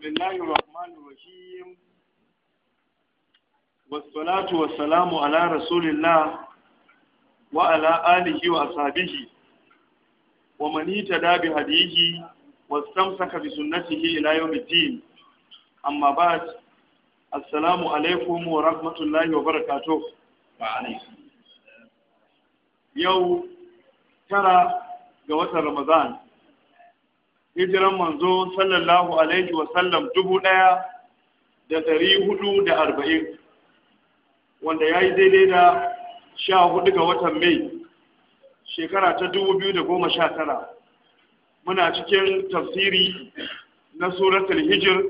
بسم الله الرحمن الرحيم والصلاة والسلام على رسول الله وعلى آله وأصحابه ومن يتدى بهديه واستمسك بسنته إلى يوم الدين أما بعد السلام عليكم ورحمة الله وبركاته وعليكم يوم ترى جوة رمضان hijiran manzo sallallahu alaihi wa sallam dubu ɗaya da ɗari hudu da arba'in wanda ya yi daidai da sha hudu ga watan mai shekara ta dubu biyu da goma sha tara muna cikin tafsiri na suratul hijir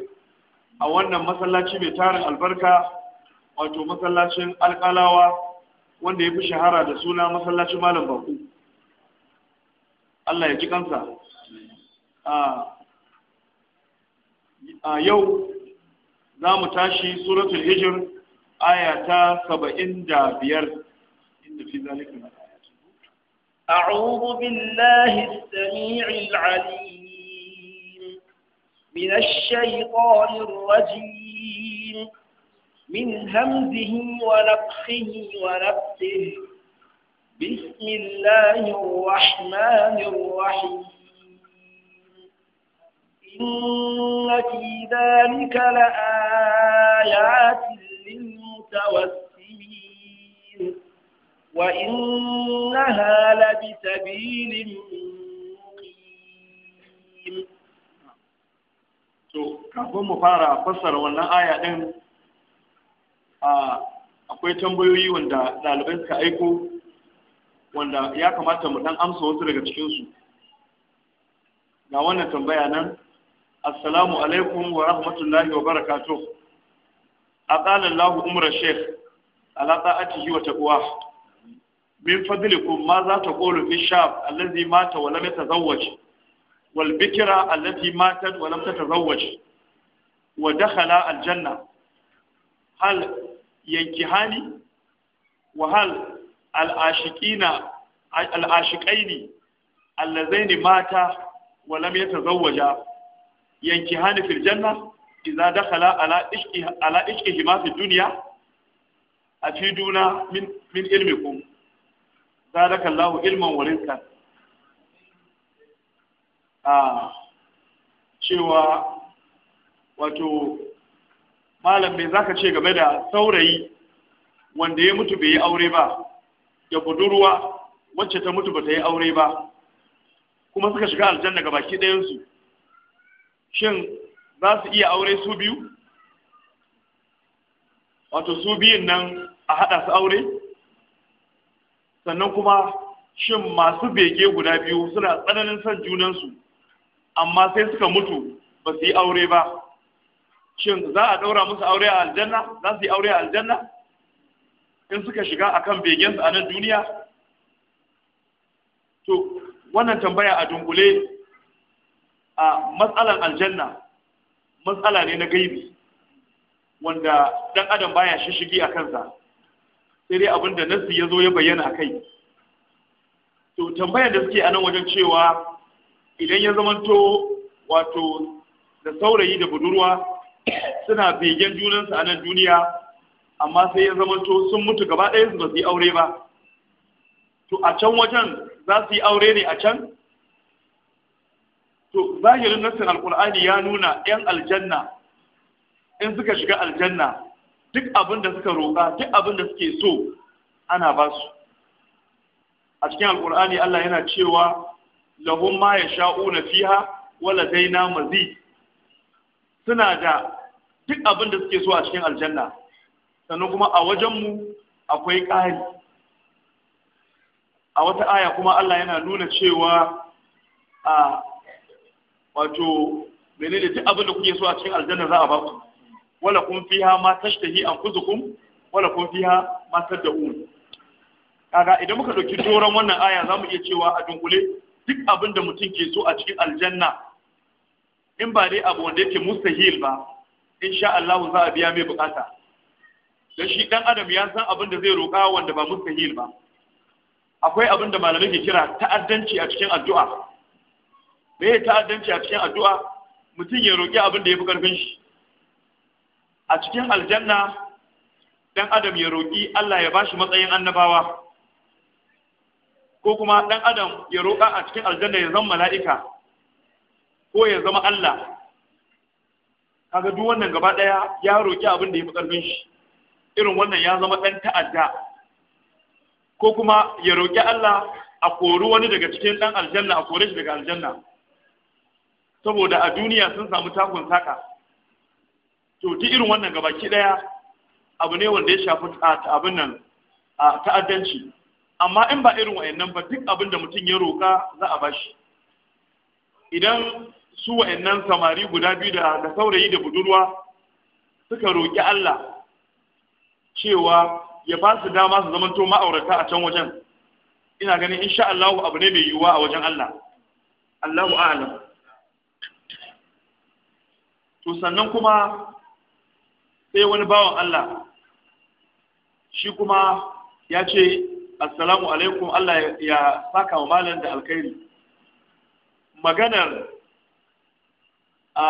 a wannan masallaci mai tarin albarka wato masallacin alƙalawa wanda ya fi shahara da suna masallacin malam baku Allah ya ji kansa a yau za mu tashi suratul hijr aya ta saba'in inda fi zalika أعوذ بالله السميع العليم من الشيطان الرجيم من همزه ونفخه ونفسه بسم الله الرحمن الرحيم إِنَّ فِي ذَلِكَ لَآيَاتٍ لِلْمُتَوَسِّمِينَ وَإِنَّهَا لَبِسَبِيلٍ مقيم to kafin mu fara fassara wannan aya din akwai tambayoyi wanda ɗalibai suka aiko wanda ya kamata mu dan amsa wasu daga cikinsu ga wannan tambaya nan assalamu alaikum wa rahmatullahi wa barakatuh aqala Allahu umra sheikh ala ta'atihi wa taqwa min fadlikum za ta qulu fi shab allazi mata wa lam yatazawwaj wal bikra allati matat wa lam tatazawwaj wa dakhala al janna hal mata wa yanki hani fil janna idza dakhala ala ishqi ala duniya. A fi dunya min min ilmikum zadaka Allah ilman wa a cewa wato malam me zaka ce game da saurayi wanda ya mutu bai yi aure ba da budurwa wacce ta mutu ba ta yi aure ba kuma suka shiga aljanna ga baki ɗayansu shin za su iya aure su biyu wato su biyun nan a haɗa su aure sannan kuma shin masu bege guda biyu suna tsananin son junansu amma sai suka mutu ba su yi aure ba shin za a ɗaura musu aure a aljanna za su yi aure a aljanna in suka shiga a akan begensu a nan duniya to wannan tambaya a dunkule a matsalan aljanna matsala ne na gaibi wanda dan adam baya shishigi a kansa sai dai abinda nasu ya zo ya bayyana a kai to tambayar da suke a nan wajen cewa idan ya zamanto wato da saurayi da budurwa suna begen junansu a nan duniya amma sai ya zamanto sun mutu gaba ɗaya su ba su yi aure ba to a can wajen za su yi aure ne a can to zahirin nassin alkur'ani ya nuna yan aljanna in suka shiga aljanna duk abin da suka roƙa duk abin da suke so ana ba su a cikin alkur'ani Allah yana cewa lahum ma yasha'una fiha wa ladaina mazid suna da duk abin da suke so a cikin aljanna sannan kuma a wajen mu akwai ƙari a wata aya kuma Allah yana nuna cewa a wato menene duk abin da kuke so a cikin aljanna za a ba ku wala kun fiha ma tashtahi anfusukum wala kun fiha ma tad'un kaga idan muka dauki doron wannan aya zamu iya cewa a dunkule duk abin da mutum ke so a cikin aljanna in ba dai abu wanda yake mustahil ba insha Allah za a biya mai bukata dan shi dan adam ya san abin da zai roka wanda ba mustahil ba akwai abin da malamai ke kira ta'addanci a cikin addu'a me ya ta'addanci a cikin addu'a mutum ya roƙi abin da ya fi ƙarfin shi a cikin aljanna ɗan adam ya roƙi Allah ya ba shi matsayin annabawa ko kuma ɗan adam ya roƙa a cikin aljanna ya zama mala'ika ko ya zama Allah kaga duk wannan gaba ɗaya ya roƙi abin da ya fi ƙarfin shi irin wannan ya zama ɗan ta'adda ko kuma ya roƙi Allah a kori wani daga cikin ɗan aljanna a kore shi daga aljanna saboda a duniya sun samu takun saka to duk irin wannan gabaki daya abu ne wanda ya shafi abin nan a ta'addanci amma in ba irin wa'annan ba duk abin da mutum ya roka za a bashi idan su wa'annan samari guda biyu da saurayi da budurwa suka roki Allah cewa ya ba su dama su zamanto ma'aurata a can wajen ina ganin insha Allah abu ne mai yiwuwa a wajen Allah Allahu a'lam to sannan kuma sai wani bawan Allah shi kuma ya ce assalamu alaikum Allah ya saka wa malam da alkhairi maganar a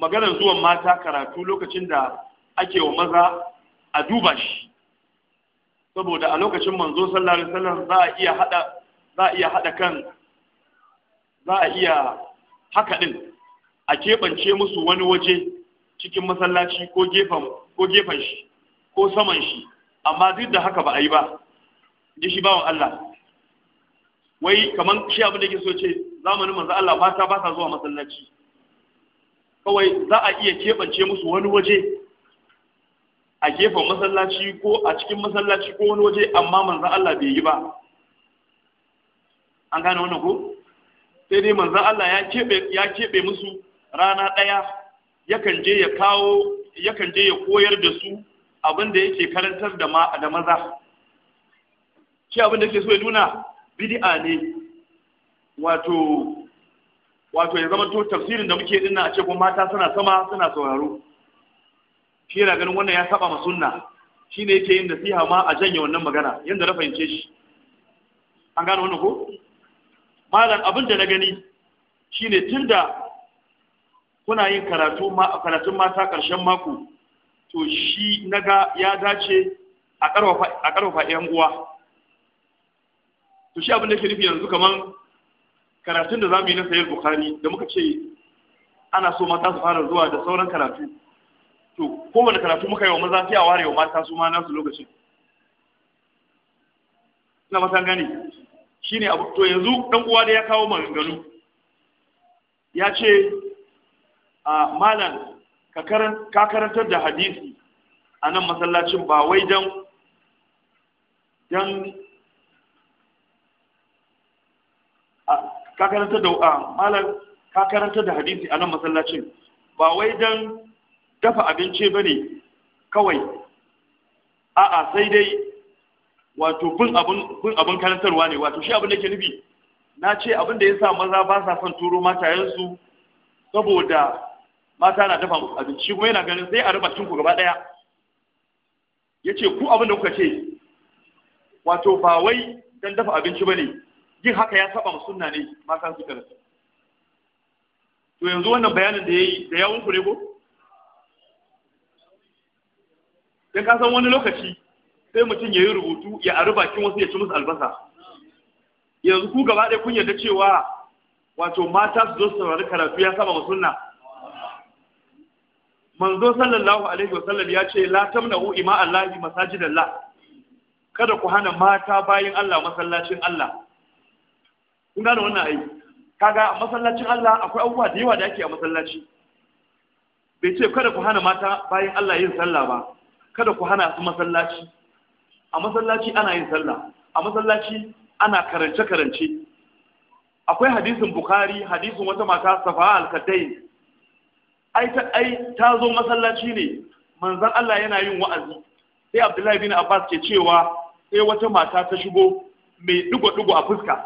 maganar zuwan mata karatu lokacin da ake wa maza a duba shi saboda a lokacin manzo sallallahu alaihi wasallam za a iya hada za a iya hada kan za a iya haka din a keɓance musu wani waje cikin masallaci ko gefen shi ko saman shi amma duk da haka ba a yi ba ji shi bawan Allah wai kamar shi abin da yake so ce zamanin manzo Allah mata ba sa zuwa masallaci kawai za a iya keɓance musu wani waje a gefen masallaci ko a cikin masallaci ko wani waje amma manzo Allah bai yi ba an gane wannan ko sai dai manzo Allah ya keɓe ya keɓe musu rana ɗaya yakan je ya kawo yakan je ya koyar da su abin da yake karantar da ma da maza shi abin da yake so ya nuna bid'a ne wato wato ya zama to tafsirin da muke dinna a ce ko mata suna sama suna sauraro shi yana ganin wannan ya saba ma sunna shi ne yake yin nasiha ma a janye wannan magana yanda na fahimce shi an gane wannan ko malam abin da na gani shine tunda kuna yin karatu ma karatun mata ƙarshen mako to shi naga ya dace a ƙarfafa yan uwa to shi abin da ke nufi yanzu kaman karatun da zamu yi na sayar bukhari da muka ce ana so mata su fara zuwa da sauran karatu to ko wani karatu muka yi wa maza sai a ware wa mata su ma nasu lokacin na mata gani shine abu to yanzu dan uwa da ya kawo maganganu ya ce malam ka karantar da hadisi a nan masallacin ba wai don ka karantar da malam ka karantar da hadisi a nan masallacin ba wai don dafa abinci ba ne kawai a'a sai dai wato bin abin karantarwa ne wato shi abin da ke nufi na ce abin da ya sa maza ba sa son turo matayensu saboda mata na dafa muku abinci kuma yana ganin sai a raba cinku gaba ɗaya ya ce ku abin da kuka ce wato ba wai don dafa abinci ba ne yin haka ya saba mu sunna ne mata su rasu to yanzu wannan bayanin da ya yi da yawon ku ne ko don ka san wani lokaci sai mutum ya yi rubutu ya ari bakin wasu ya ci musu albasa yanzu ku gaba ɗaya kun yarda cewa wato mata su zo su saurari karatu ya saba mu sunna manzo sallallahu alaihi wa sallam ya ce la tamna'u ima Allahi masajidallah kada ku hana mata bayin Allah masallacin Allah kun gane wannan ai kaga masallacin Allah akwai abubuwa da yawa da ake a masallaci bai ce kada ku hana mata bayin Allah yin sallah ba kada ku hana su masallaci a masallaci ana yin sallah a masallaci ana karance karance akwai hadisin bukhari hadisin wata mata safa al-kadain ai ta ai ta zo masallaci ne manzon Allah yana yin wa'azi sai Abdullahi bin Abbas ke cewa sai wata mata ta shigo mai digo-digo a fuska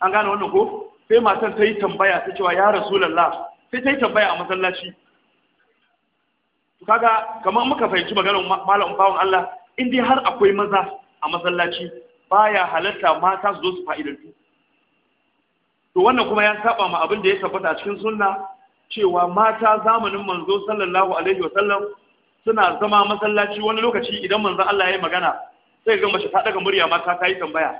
an gane wannan ko sai matan ta yi tambaya ta cewa ya rasulullah sai ta yi tambaya a masallaci kaga kamar muka fahimci maganar malam bawon Allah in dai har akwai maza a masallaci baya halatta mata su zo su fa'idantu to wannan kuma ya saba ma abin da ya tabbata cikin sunna cewa mata zamanin manzo sallallahu alaihi wa sallam suna zama masallaci wani lokaci idan manzo Allah ya yi magana sai ga mace ta daga murya mata ta yi tambaya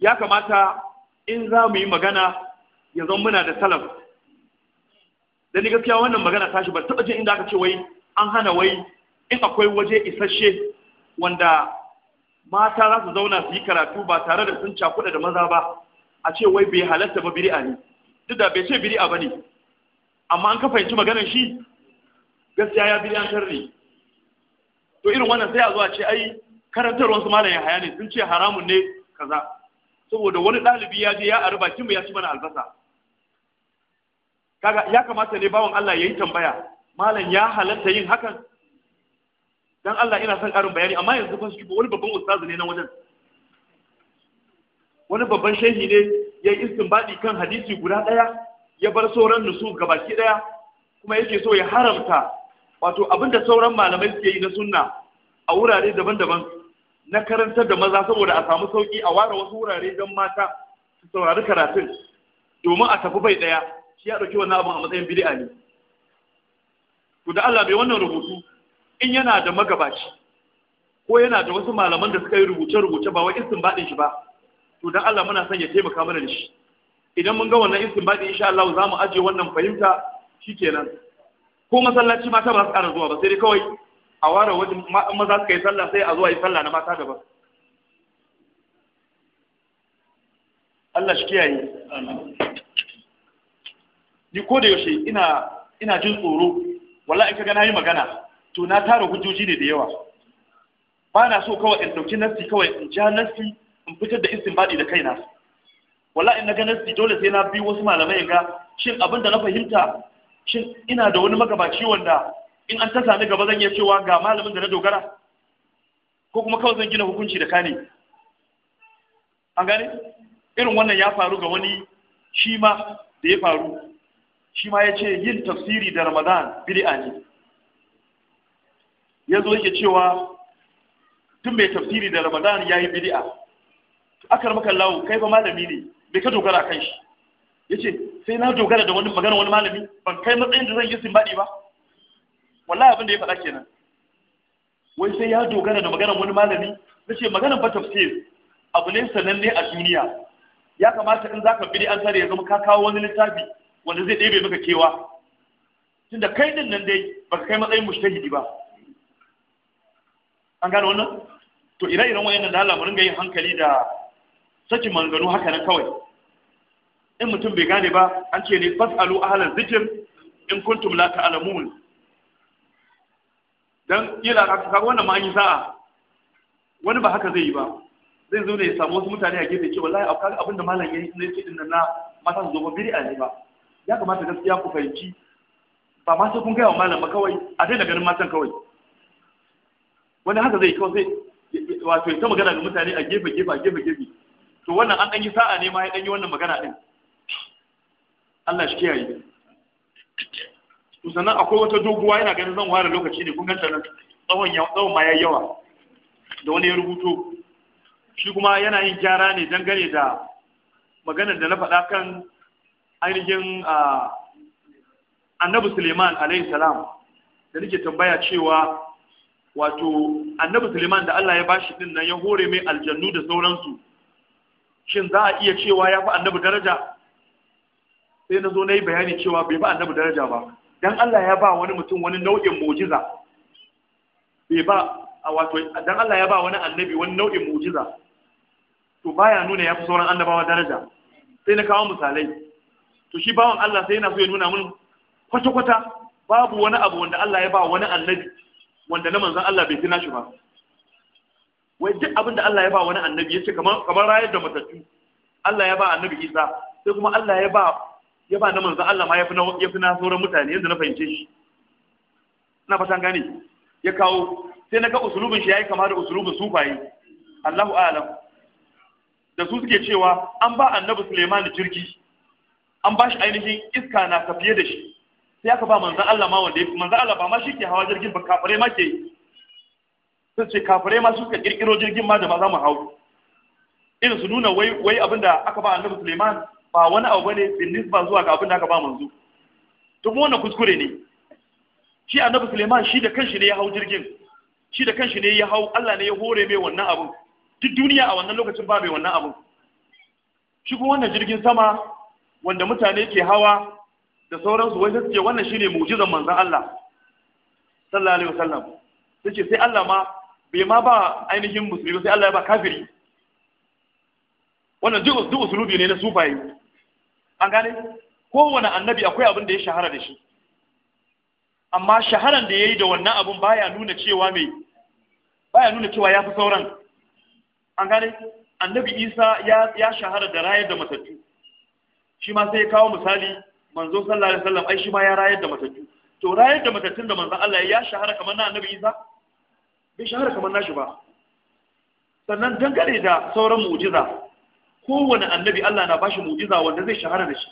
ya kamata in za mu yi magana ya zama muna da salaf da ni gaskiya wannan magana tashi ba taɓa jin inda aka ce wai an hana wai in akwai waje isasshe wanda mata za su zauna su yi karatu ba tare da sun cakuɗa da maza ba a ce wai bai halatta ba biri'a ne duk da bai ce bid'a bane amma an ka fahimci maganar shi gaskiya ya bid'a tarri to irin wannan sai a zuwa ce ai karantar wasu malam haya ne sun ce haramun ne kaza saboda wani ɗalibi ya je ya ari bakin mu ya ci mana albasa kaga ya kamata ne bawan Allah yayi tambaya malam ya halatta yin hakan dan Allah ina son karin bayani amma yanzu fa shi wani babban ustazi ne na wajen wani babban shehi ne ya yi istinbadi kan hadisi guda ɗaya ya bar sauran nusu gabaki daya kuma yake so ya haramta wato abinda sauran malamai suke yi na sunna a wurare daban-daban na karantar da maza saboda a samu sauki a ware wasu wurare don mata su saurari karatun domin a tafi bai ɗaya shi ya ɗauki wannan abin a matsayin bid'a ne to da Allah bai wannan rubutu in yana da magabaci ko yana da wasu malaman da suka yi rubuce-rubuce ba wai istinbadin shi ba to dan Allah muna son ya taimaka mana da shi idan mun ga wannan istinbadi insha Allah za mu aje wannan fahimta shikenan ko masallaci mata ba su ƙara zuwa ba sai dai kawai a ware wajen maza suka yi sallah sai a zuwa yi sallah na mata gaba Allah shi kiyaye ni ko da yaushe ina ina jin tsoro wallahi in kaga nayi magana to na tara hujjoji ne da yawa ba na so kawai in dauki nafsi kawai in ja nafsi in fitar da istinbadi da kaina wallahi in na ga nasi dole sai na bi wasu malamai ga shin abinda na fahimta shin ina da wani magabaci wanda in an ta sami gaba zan iya cewa ga malamin da na dogara ko kuma kawai zan gina hukunci da kani an gane irin wannan ya faru ga wani shi ma da ya faru shi ma ya ce yin tafsiri da ramadan bid'a ne ya zo yake cewa tun mai tafsiri da ramadan ya yi bid'a akar maka lawo kai fa malami ne bai ka dogara kan shi yace sai na dogara da wani magana wani malami ban kai matsayin da zan yi simbadi ba wallahi abin da ya faɗa kenan wai sai ya dogara da maganar wani malami nace maganar ba tafsir abu ne sananne a duniya ya kamata in zaka bi an tare ya zama ka kawo wani littafi wanda zai ɗebe maka kewa tunda kai din nan dai baka kai matsayin mushtahidi ba an gano wannan to ire-iren wayannan da Allah mu ringa yin hankali da saki manganu haka nan kawai in mutum bai gane ba an ce ne fasalu ahlan zikr in kuntum la ta'lamun dan yila ka kaga wannan ma an yi sa'a wani ba haka zai yi ba zai zo ne ya samu wasu mutane a gefe ce wallahi akwai abin da malam yayi ne ce dinnan na mata su zo ba a ne ba ya kamata gaskiya ku fahimci ba ma sai kun gaya wa malam ba kawai a daina ganin matan kawai wani haka zai kawai wato ya ta magana ga mutane a gefe gefe a gefe gefe to wannan an ɗan sa'a ne ma ya ɗan yi wannan magana ɗin Allah shi kiyaye sannan akwai wata doguwa yana ganin zan ware lokaci ne kun ganta nan tsawon ma ya yawa da wani ya rubuto shi kuma yana yin gyara ne gane da maganar da na faɗa kan ainihin annabi suleiman alayhi salam da nake tambaya cewa wato annabi suleiman da Allah ya bashi din nan ya hore mai aljannu da sauransu shin za a iya cewa ya fi annabi daraja sai na zo na yi bayani cewa bai ba annabi daraja ba dan Allah ya ba wani mutum wani nau'in mujiza bai ba a wato don Allah ya ba wani annabi wani nau'in mujiza to baya nuna ya fi sauran annabawa daraja sai na kawo misalai to shi bawan Allah sai yana so ya nuna mun kwata-kwata babu wani abu wanda Allah ya ba wani annabi wanda na manzan Allah bai fi nashi ba wai duk abin da Allah ya ba wani annabi yace kamar kamar rayar da matattu Allah ya ba annabi Isa sai kuma Allah ya ba ya ba na manzo Allah ma ya fi na ya fi na sauran mutane yanzu na fahimce shi ina fatan gane ya kawo sai naga usulubin shi yayi kama da usulubin sufaye Allahu a'lam da su suke cewa an ba annabi Suleiman jirgi an ba shi ainihin iska na tafiye da shi sai aka ba manzo Allah ma wanda manzo Allah ba ma shi ke hawa jirgin ba kafare ma ke sun ce kafare ma suka kirkiro jirgin ma da ba za mu hau irin su nuna wai wai abin da aka ba annabi Suleiman ba wani abu bane bin nisba zuwa ga abin da aka ba manzo to mu wannan kuskure ne shi annabi Suleiman shi da kanshi ne ya hau jirgin shi da kanshi ne ya hau Allah ne ya hore mai wannan abin duk duniya a wannan lokacin ba mai wannan abin shi kuma wannan jirgin sama wanda mutane ke hawa da sauransu wai suke wannan shine mu'jizan manzon Allah sallallahu alaihi wasallam sai sai Allah ma bai ma ba ainihin musulmi ba sai Allah ya ba kafiri wannan duk usulubi ne na sufaye an gane wani annabi akwai abin da ya shahara da shi amma shaharan da ya yi da wannan abin baya nuna cewa mai baya nuna cewa ya fi sauran an gane annabi isa ya shahara da rayar da matattu shi ma sai ya kawo misali manzo sallallahu alaihi wasallam ai shi ma ya rayar da matattu to rayar da matattun da manzo Allah ya shahara kamar na annabi isa bai shahara kamar nashi ba sannan dangane da sauran mu'jiza kowane annabi Allah na bashi mu'jiza wanda zai shahara da shi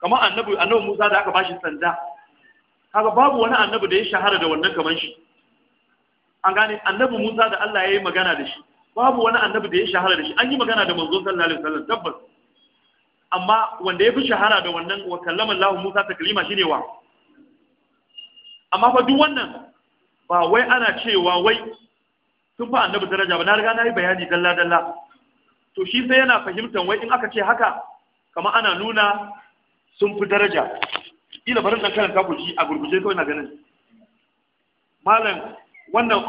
kamar annabi annabi Musa da aka bashi sanda kaga babu wani annabi da ya shahara da wannan kamar shi an gane annabi Musa da Allah ya yi magana da shi babu wani annabi da ya shahara da shi an yi magana da manzon sallallahu alaihi wasallam tabbas amma wanda ya fi shahara da wannan wa kallama Allah Musa taklima shine wa amma fa duk wannan ba wai ana cewa wai sun fa annabi daraja ba na riga na yi bayani dalla dalla to shi sai yana fahimtar wai in aka ce haka kamar ana nuna sun fi daraja ila barin dan karanta ku shi a gurguje kawai na ganin malam wannan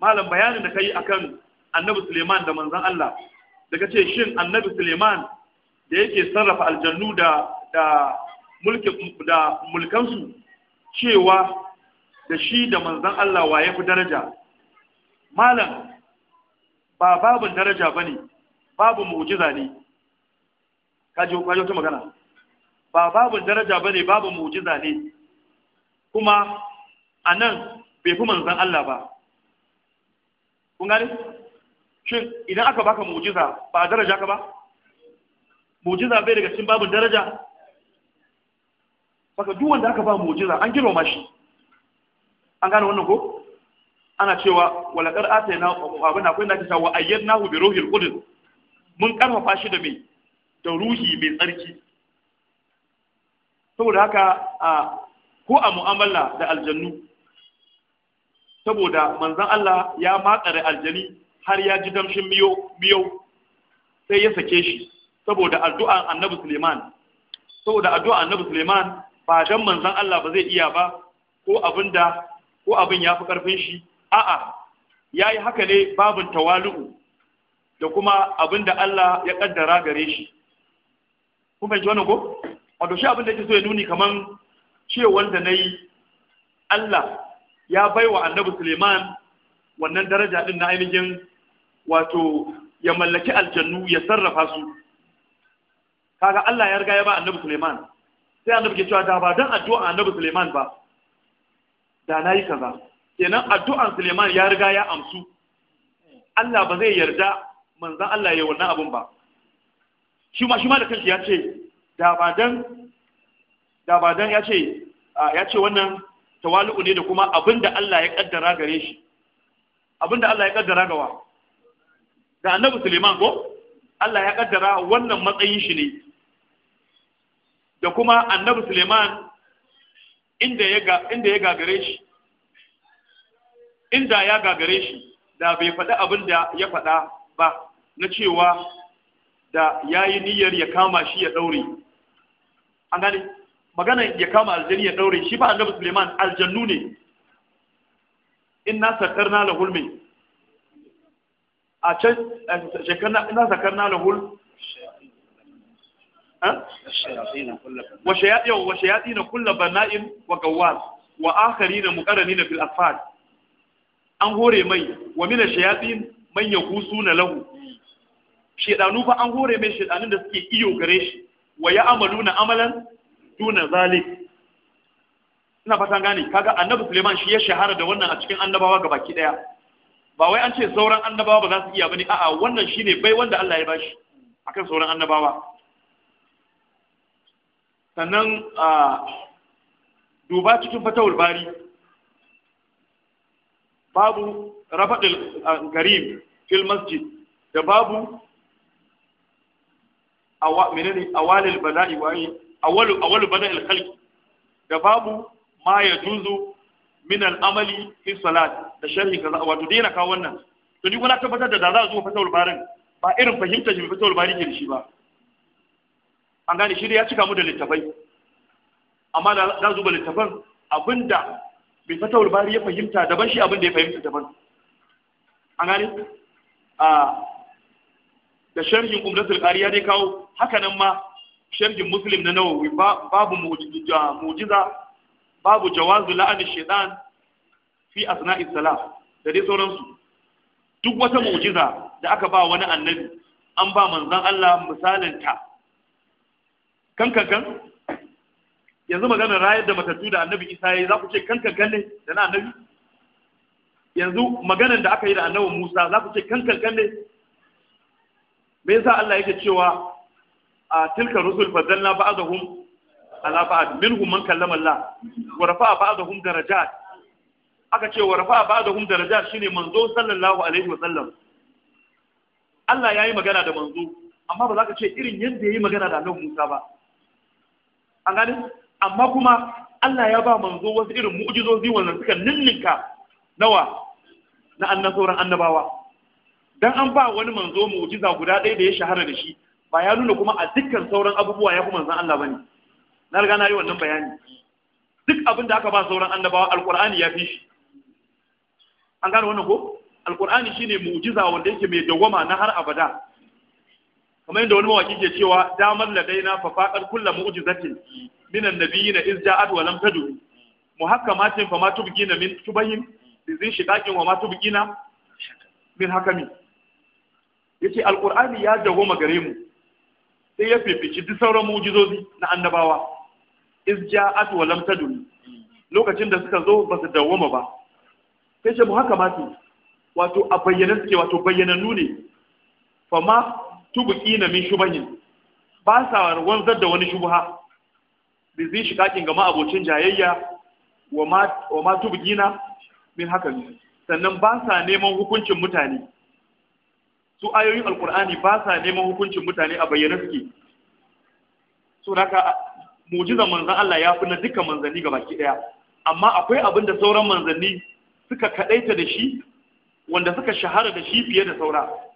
malam bayanin da kai akan annabi Suleiman da manzon Allah daga ce shin annabi Suleiman da yake sarrafa aljannu da da mulkin da mulkansu cewa da shi da manzan Allah wa ya fi daraja malam ba babin daraja ba ne babin mu'jiza ne kaji kwajo ta magana ba babin daraja ba ne babin mu'jiza ne kuma a nan bai fi manzan Allah ba kun gane shin idan aka baka mu'jiza ba daraja ka ba mu'jiza bai daga cikin babin daraja baka duwanda aka ba mu'jiza an girma shi an gane wannan ko ana cewa walaqad atayna abin akwai na cewa wa ayyadnahu bi ruhil qudus mun karfafa shi da mai da ruhi mai tsarki saboda haka a ko a mu'amala da aljannu saboda manzon Allah ya da aljani har ya ji damshin miyo miyo sai ya sake shi saboda addu'a annabi Suleiman saboda addu'a annabi Suleiman ba dan manzon Allah ba zai iya ba ko abinda ko abin ya fi ƙarfin shi a'a ya yi haka ne babin tawalu'u da kuma abin da Allah ya ƙaddara gare shi kun fahimci wannan ko wato shi abin da yake so ya nuni kaman cewa da na yi Allah ya bai wa annabi Suleiman wannan daraja din na ainihin wato ya mallaki aljannu ya sarrafa su kaga Allah ya riga ya ba annabi Suleiman sai annabi ke cewa da ba dan addu'a annabi Suleiman ba da na yi kaza kenan addu'an Suleiman ya riga ya amsu Allah ba zai yarda manzan Allah ya wannan abun ba shi ma shi ma da kanshi ya ce da ba dan da ba dan ya ce ya ce wannan tawalu'u ne da kuma abinda Allah ya kaddara gare shi abinda Allah ya kaddara gawa da annabi Suleiman ko Allah ya kaddara wannan matsayin shi ne da kuma annabi Suleiman inda ya gagare shi inda ya gagare shi da bai faɗi abin da ya faɗa ba na cewa da ya yi niyyar ya kama shi ya ɗaure an gani magana ya kama aljani ya ɗaure shi ba annabi suleiman aljannu ne in na sakar na lahul mai a can eh, shekar na sakar na lahul wa na kulla وشياطين كل wa وغواص na mukarani na الأصفاد an hore mai wa mina shayatin man ya na lahu shedanu fa an hore mai shedanun da suke iyo gare shi wa ya amalu na amalan duna zalif? ina fatan gane kaga annabi suleiman shi ya shahara da wannan a cikin annabawa ga baki daya ba wai an ce sauran annabawa ba za su iya bane a'a wannan shine bai wanda Allah ya bashi akan sauran annabawa sannan a duba cikin fatawar bari babu rafadil garin fil masjid da babu menene awalil bala'i waye da babu ma yajuzu min al’amali amali fi salat da sharhi kaza wato daina kawo wannan to ni kuma na tabbatar da za a zuwa fatawul barin ba irin fahimtar shi fatawar bari ke da shi ba an gane shi ya cika mu da littafai amma da za zuba littafan abinda bai fata bari ya fahimta daban shi abinda ya fahimta daban an gane a da sharhin da qari ya dai kawo hakanan ma sharhin muslim na nawawi babu mu'jiza babu jawazu la'an shaytan fi asna'i salah da dai sauransu duk wata mu'jiza da aka ba wani annabi an ba manzon Allah misalin ta kan kankan yanzu magana rayar da matattu da annabi isa ya yi za ku ce kan kankan ne da na annabi yanzu maganan da aka yi da annabin musa za ku ce kan kankan ne me yasa Allah yake cewa a tilka rusul fadalna ba'dahum ala ba'd minhum man kallama Allah wa rafa'a ba'dahum darajat aka ce wa rafa'a ba'dahum darajat shine manzo sallallahu alaihi wa sallam Allah yayi magana da manzo amma ba za ka ce irin yadda yayi magana da annabi Musa ba an gani amma kuma Allah ya ba manzo wasu irin mu'jizozi wannan suka ninninka nawa na annan sauran annabawa dan an ba wani manzo mu'jiza guda ɗaya da ya shahara da shi ba ya nuna kuma a dukkan sauran abubuwa ya fi manzon Allah bane na riga na yi wannan bayani duk abin da aka ba sauran annabawa alqur'ani ya fi shi an gane wannan ko alqur'ani shine mu'jiza wanda yake mai dawwama na har abada kamar yadda wani mawaki ke cewa damar ladaina fa faqad kullu mu'jizatin min annabiyina iz ja'at wa lam tadu muhakkamatin fa ma tubgina min tubayyin bizin shiqaqin wa ma tubgina min hakami yace alqur'ani ya dago gare mu sai ya fifici duk sauran mu'jizozi na annabawa iz ja'at wa lam tadu lokacin da suka zo ba su dawoma ba sai ce muhakkamatin wato a bayyana suke wato bayyana ne fa ma tubuki min shubahin ba sa wanzar da wani shubuha bi zai shiƙaƙin gama abocin jayayya wa ma tubuki ƙina min haka sannan ba sa neman hukuncin mutane su ayoyin alkur'ani ba sa neman hukuncin mutane a bayyana suke so haka mujizan manzan Allah ya fi na dukkan manzanni ga baki daya amma akwai abin da sauran manzanni suka kadaita da shi wanda suka shahara da shi fiye da saura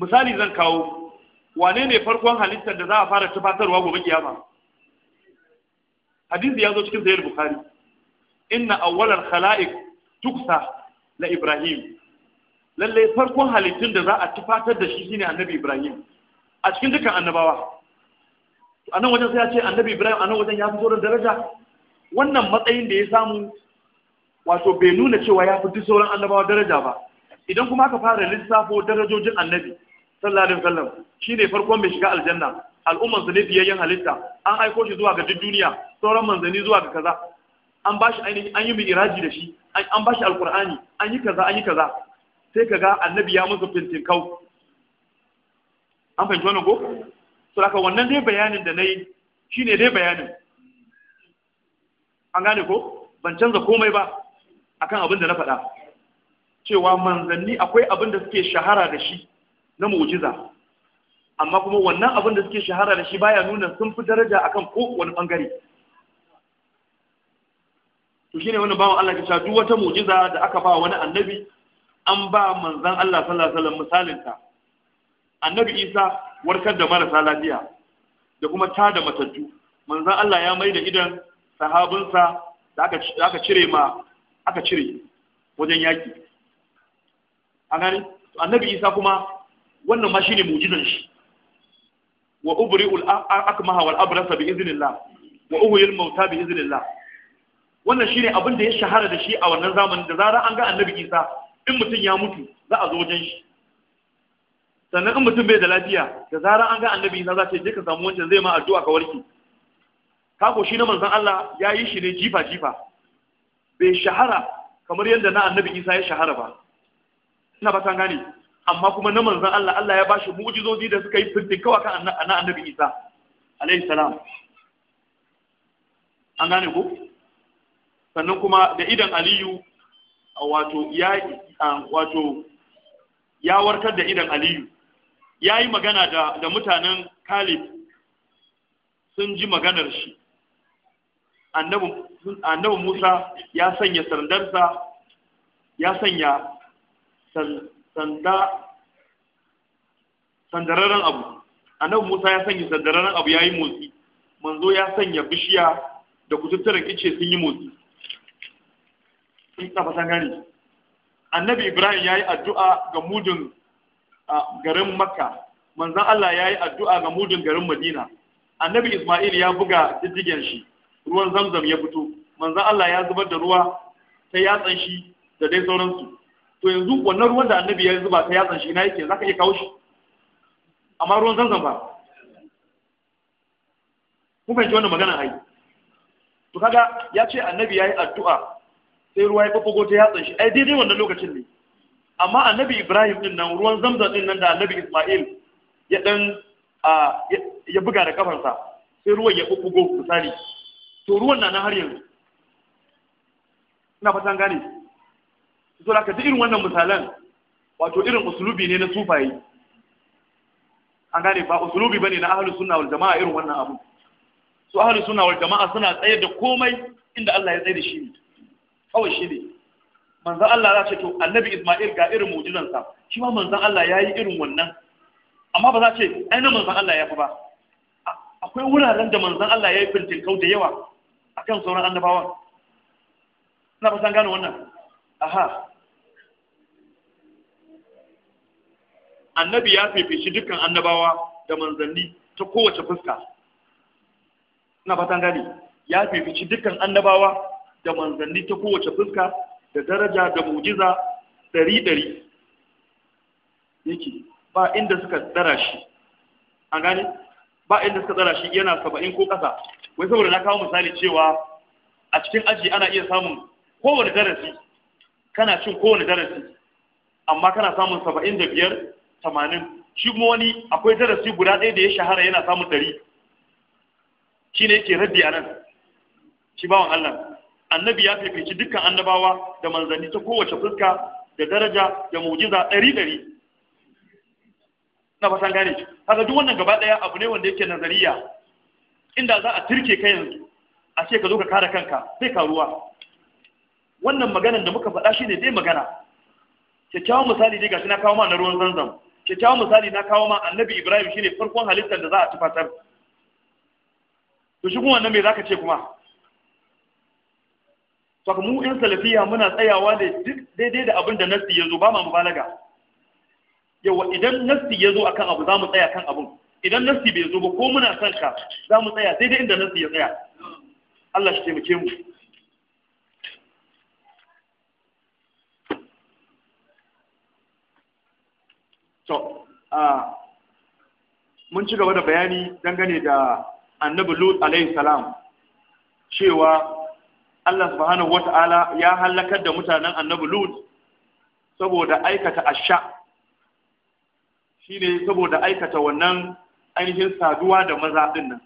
misali zan kawo wane ne farkon halittar da za a fara tufatarwa gobe kiyama hadisi ya zo cikin sahih bukhari inna awwalal khalaiq tuksa la ibrahim lalle farkon halittun da za a tufatar da shi shine annabi ibrahim a cikin dukkan annabawa a nan wajen sai ya ce annabi ibrahim a nan wajen ya fito da daraja wannan matsayin da ya samu wato bai nuna cewa ya fi sauran annabawa daraja ba idan kuma aka fara lissafo darajojin annabi sallallahu alaihi wasallam shine farkon mai shiga aljanna al'umman sa ne biyayyen halitta an aiko shi zuwa ga duk duniya sauran manzanni zuwa ga kaza an bashi ainihin an yi iraji da shi an bashi alqur'ani an yi kaza an yi kaza sai kaga annabi ya musu fintinkau an fahimci wannan ko to haka wannan dai bayanin da nayi shine dai bayanin an gane ko ban canza komai ba akan abin da na faɗa cewa manzanni akwai abin da suke shahara da shi na mu'jiza amma kuma wannan abin da suke shahara da shi baya nuna sun fi daraja akan ko wani bangare to shine wannan bawan Allah ya duk wata mu'jiza da aka ba wani annabi an ba manzon Allah sallallahu alaihi wasallam misalin ta annabi Isa warkar da marasa lafiya da kuma ta da matattu manzon Allah ya mai da idan sahabinsa da aka cire ma aka cire wajen yaki a gani annabi Isa kuma wannan ma shine mu'jizan shi wa ubri'ul akmaha wal abrasa bi iznillah wa uhyil mauta bi iznillah wannan shine abin da ya shahara da shi a wannan zamanin da zara an ga annabi Isa in mutum ya mutu za a zo wajen shi sannan in mutum bai da lafiya da zara an ga annabi Isa za ta je ka samu wancan zai ma addu'a ka warke kako shi na manzon Allah ya yi shi ne jifa jifa bai shahara kamar yadda na annabi Isa ya shahara ba ina ba san gane amma kuma na manzan Allah Allah ya bashi mu'jizozi da suka yi fintin kawa kan annabi Isa alaihi salam an gane ko sannan kuma da idan Aliyu wato ya wato ya warkar da idan Aliyu ya yi magana da da mutanen Kalib sun ji maganar shi annabi Musa ya sanya sandarsa ya sanya sanda sandararren abu annabi Musa ya sanya sandararren abu ya yi motsi manzo ya sanya bishiya da kututturen ice sun yi motsi sun ta fatan gani annabi Ibrahim ya yi addu'a ga mudun garin Makka Manzan Allah ya yi addu'a ga mudun garin Madina annabi Isma'il ya buga jijjigen shi ruwan zamzam ya fito Manzan Allah ya zubar da ruwa ta yatsan shi da dai sauransu to yanzu wannan ruwan da annabi ya zuba ta yatsan shi na yake za ka iya kawo shi amma ruwan zanzan ba kuma fahimci wannan maganar hai to kaga ya ce annabi ya yi addu'a sai ruwa ya fafago ta yatsan shi ai daidai wannan lokacin ne amma annabi ibrahim din nan ruwan zamzam din nan da annabi isma'il ya dan ya buga da kafansa sai ruwan ya fafago misali to ruwan na nan har yanzu ina fatan gane so da duk irin wannan misalan wato irin usulubi ne na sufaye an gane ba usulubi bane na ahlus sunna wal jama'a irin wannan abu su ahlus sunna wal jama'a suna tsaye da komai inda Allah ya tsaye da shi ne kawai shi ne manzon Allah ya ce to annabi Isma'il ga irin sa shi ma manzon Allah ya yi irin wannan amma ba za ce ai na manzon Allah ya fi ba akwai wuraren da manzon Allah ya yi fintin kau da yawa akan sauran annabawan na ba san gane wannan aha annabi ya fefeshi dukkan annabawa da manzanni ta kowace fuska ina fatan gani ya fefeshi dukkan annabawa da manzanni ta kowace fuska da daraja da mujiza ɗari ɗari yake ba inda suka tsara shi an gane ba inda suka tsara shi yana saba'in ko ƙasa wai saboda na kawo misali cewa a cikin aji ana iya samun kowane darasi kana cin kowane darasi amma kana samun saba'in da biyar tamanin shi kuma wani akwai darasi guda ɗaya da ya shahara yana samun ɗari shi ne yake raddi a nan shi bawan Allah annabi ya fifici dukkan annabawa da manzanni ta kowace fuska da daraja da mujiza ɗari ɗari na fasan gane haka duk wannan gaba ɗaya abu ne wanda yake nazariya inda za a turke ka yanzu a ce ka zo ka kare kanka sai ka ruwa wannan maganar da muka faɗa shi ne dai magana kyakkyawan misali dai gashi na kawo ma na ruwan zanzam kyakkyawan misali na kawo ma annabi ibrahim shine farkon halittar da za a tufatar to shi kuma wannan me zaka ce kuma to mu yan salafiya muna tsayawa ne duk daidai da abin da nassi ya zo ba ma mubalaga yawa idan nassi ya zo akan abu za mu tsaya kan abun idan nassi bai zo ba ko muna son ka za mu tsaya daidai inda nassi ya tsaya Allah shi taimake mu to mun ci gaba da bayani dangane da annabi lut alaihi salam cewa Allah subhanahu ta'ala ya halakar da mutanen annabi lut saboda aikata asha shine saboda aikata wannan ainihin saduwa da maza din nan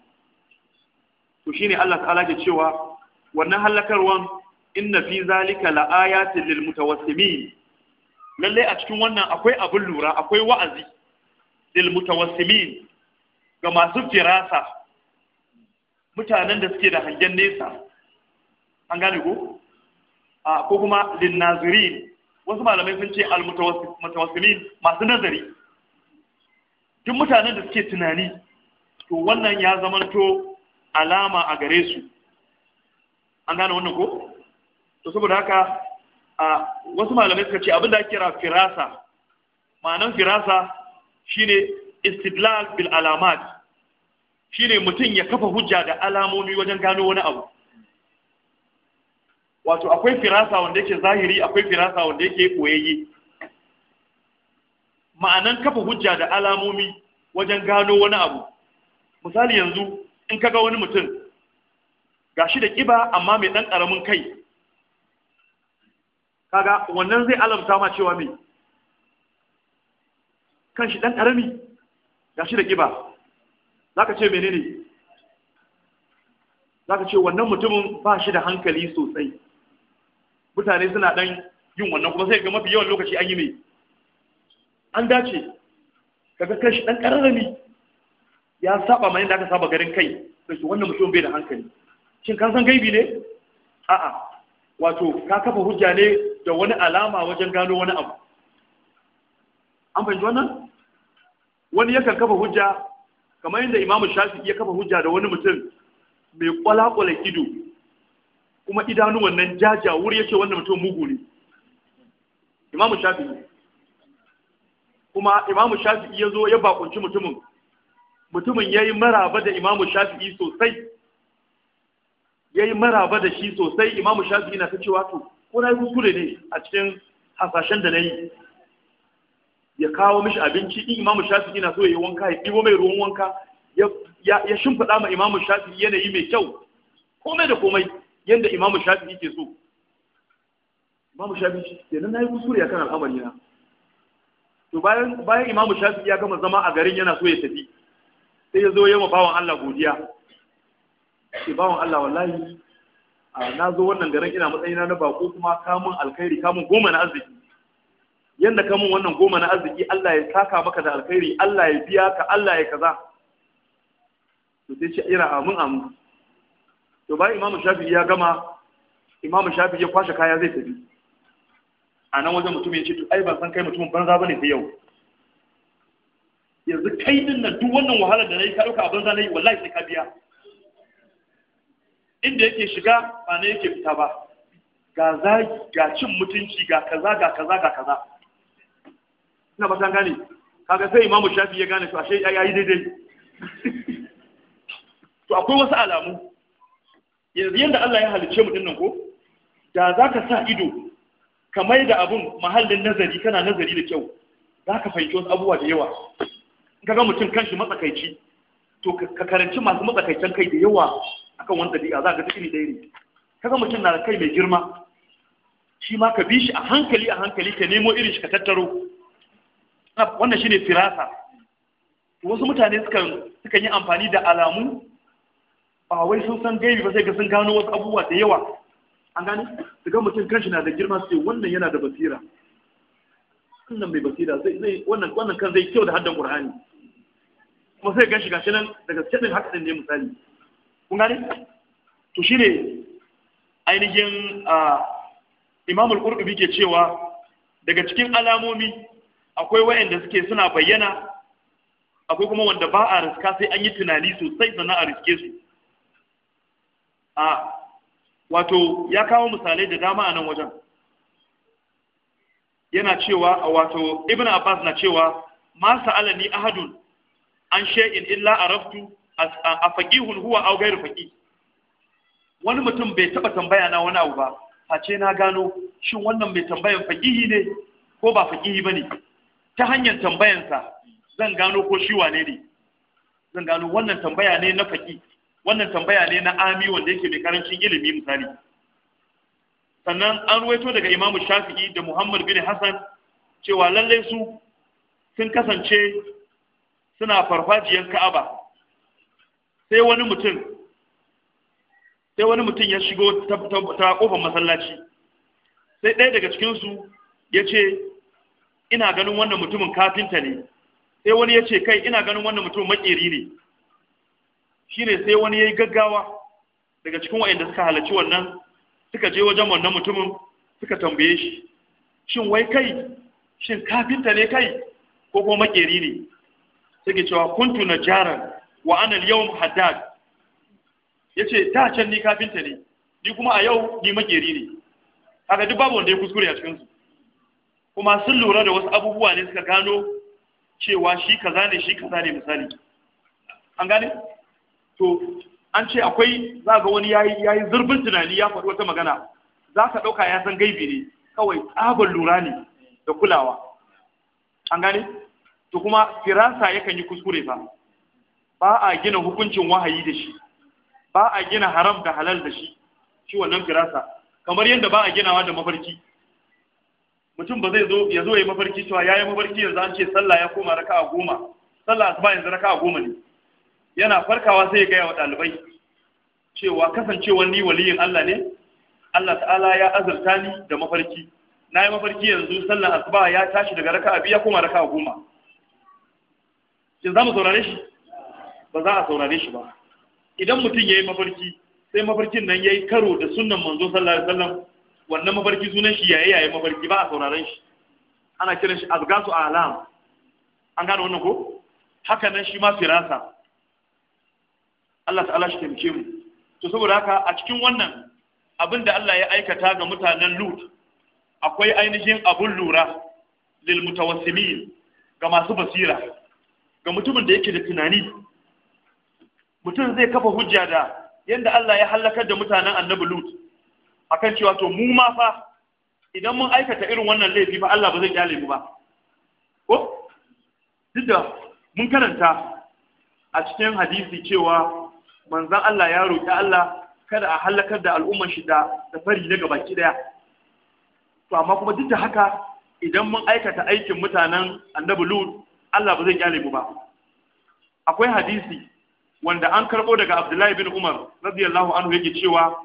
to shine Allah ta'ala ke cewa wannan halakarwan inna fi zalika laayatin lil mutawassimin lallai a cikin wannan akwai abin lura akwai wa'azi lil mutawassimin ga masu firasa mutanen da suke da hangen nesa an gane ko a ko kuma lin nazirin wasu malamai sun ce al mutawassimin masu nazari duk mutanen da suke tunani to wannan ya zamanto alama a gare su an gane wannan ko to saboda haka a wasu malamai suka ce abin da kira firasa ma'anan firasa shine istidlal bil alamat shine mutum ya kafa hujja da alamomi wajen gano wani abu wato akwai firasa wanda yake zahiri akwai firasa wanda yake koyayye ma'anan kafa hujja da alamomi wajen gano wani abu misali yanzu in kaga wani mutum gashi da kiba amma mai dan karamin kai kaga wannan zai alamta ma cewa me kan shi dan karami shi da kiba zaka ce menene zaka ce wannan mutumin ba shi da hankali sosai mutane suna dan yin wannan kuma sai ga mafi yawan lokaci an yi me an dace kaga kan shi dan karami ya saba mai da aka saba garin kai sai wannan mutum bai da hankali shin kan san gaibi ne a'a wato ka kafa hujja ne da wani alama wajen gano wani abu an fahimci wannan wani yakan kafa hujja kamar yadda imamu shafi ya kafa hujja da wani mutum mai kwalakwala ido kuma idanu wannan jaja wuri yake wannan mutum mugu ne imamu shafi kuma imamu shafi ya zo ya bakunci mutumin mutumin ya yi maraba da imamu shafi sosai Ya yi maraba da shi sosai imamu shafi na ta cewa wato ko na yi kuskure ne a cikin hasashen da na yi ya kawo mishi abinci in imamu shafi na so ya yi wanka ya ɗibo mai ruwan wanka ya shimfiɗa ma imamu shafi yanayi mai kyau komai da komai yadda imamu shafi ke so imamu shafi ke nan na yi kuskure kan al'amari na to bayan imamu shafi ya gama zama a garin yana so ya tafi sai ya zo yawa bawan Allah godiya ce bawan Allah wallahi na zo wannan garin ina matsayina na bako kuma kamun alkhairi kamun goma na arziki yadda kamun wannan goma na arziki Allah ya saka maka da alkhairi Allah ya biya ka Allah ya kaza to sai ce ira amin amin to bayan imamu Shafi ya gama imamu Shafi ya kwashe kaya zai tafi a nan wajen mutum ya ce to ai ban san kai mutumin banza bane sai yau yanzu kai din nan duk wannan wahalar da nayi ka dauka a banza nayi wallahi sai ka biya inda yake shiga ba na yake fita ba ga zagi ga cin mutunci ga kaza ga kaza ga kaza ina ba san gane kaga sai imamu shafi ya gane to ashe ya yi daidai to akwai wasu alamu yanzu yanda Allah ya halicce mu dinnan ko da zaka sa ido ka mai da abun mahallin nazari kana nazari da kyau zaka fahimci wasu abubuwa da yawa in ga mutum kanshi matsakaici to ka karanci masu matsakaicen kai da yawa akan wani ɗabi'a za ka ga iri kaga mutum na da kai mai girma shi ma ka bi shi a hankali a hankali ka nemo irin shi ka tattaro wannan shine firasa wasu mutane sukan yi amfani da alamu ba wai sun san gaibi ba sai ga sun gano wasu abubuwa da yawa an gane su ga mutum kanshi na da girma su ce wannan yana da basira wannan mai basira zai wannan wannan kan zai kyau da haddan qur'ani kuma sai ga shi gashi nan daga cikin haka din ne misali kun gane to ne ainihin Imam al-Qurtubi ke cewa daga cikin alamomi akwai wayanda suke suna bayyana akwai kuma wanda ba a riska sai an yi tunani sosai sannan a riske su a wato ya kawo misalai da dama a nan wajen yana cewa wato ibn abbas na cewa ma sa'alani ahadun an sha'in illa araftu a faƙihun huwa au gairu faƙi wani mutum bai taba tambaya na wani abu ba ce na gano shin wannan mai tambayan faƙihi ne ko ba ba ne? ta hanyar tambayansa zan gano ko shi wane ne zan gano wannan tambaya ne na faƙi wannan tambaya ne na ami wanda yake mai karancin ilimi misali sannan an ruwaito daga imamu shafi'i da muhammad bin hassan cewa lallai su sun kasance suna farfajiyar ka'aba sai wani mutum sai wani mutum ya shigo ta kofar masallaci sai ɗaya daga cikinsu ya ce ina ganin wannan mutumin kafinta ne sai wani ya ce kai ina ganin wannan mutumin maƙeri ne shi ne sai wani ya yi gaggawa daga cikin wa'inda suka halarci wannan suka je wajen wannan mutumin suka tambaye shi shin wai kai shin kafinta ne kai ko kuma maƙeri ne suke cewa kuntu na jaran wa ana al-yawm haddad yace ta can ni kafinta ne ni kuma a yau ni makeri ne haka duk babu wanda ya kuskure a cikin kuma sun lura da wasu abubuwa ne suka gano cewa shi kaza ne shi kaza ne misali an gane to an ce akwai za ga wani yayi yayi zurbin tunani ya faɗi wata magana za ka ɗauka ya san gaibi ne kawai tsabar lura ne da kulawa an gane to kuma firasa yakan yi kuskure fa ba a gina hukuncin wahayi da shi ba a gina haram da halal da shi shi wannan firasa kamar yadda ba a ginawa da mafarki mutum ba zai zo ya zo ya mafarki cewa ya yi mafarki yanzu an ce sallah ya koma raka a goma sallah asuba yanzu raka a goma ne yana farkawa sai ya gaya wa ɗalibai cewa kasancewar ni waliyin Allah ne Allah ta'ala ya azurta ni da mafarki na yi mafarki yanzu sallah asuba ya tashi daga raka a biya koma raka a goma shin za mu saurare shi ba za a saurare shi ba idan mutum ya yi mafarki sai mafarkin nan ya yi karo da sunan manzo sallallahu alaihi wasallam wannan mafarki sunan shi yaye yaye mafarki ba a sauraren shi ana kiran shi azgasu alam an gane wannan ko haka nan shi ma firasa Allah ta'ala shi taimake mu to saboda haka a cikin wannan abin da Allah ya aikata ga mutanen Lut akwai ainihin abun lura lil mutawassimin ga masu basira ga mutumin da yake da tunani mutum zai kafa hujja da yadda Allah ya halakar da mutanen annabi Lut akan cewa to mu ma fa idan mun aikata irin wannan laifi fa Allah ba zai kyale mu ba ko duk da mun karanta a cikin hadisi cewa manzon Allah ya roƙi Allah kada a hallakar da al'ummar shi da fari daga baki daya to amma kuma duk da haka idan mun aikata aikin mutanen annabi Lut Allah ba zai kyale mu ba akwai hadisi wanda an karbo daga Abdullahi bin Umar radiyallahu anhu yake cewa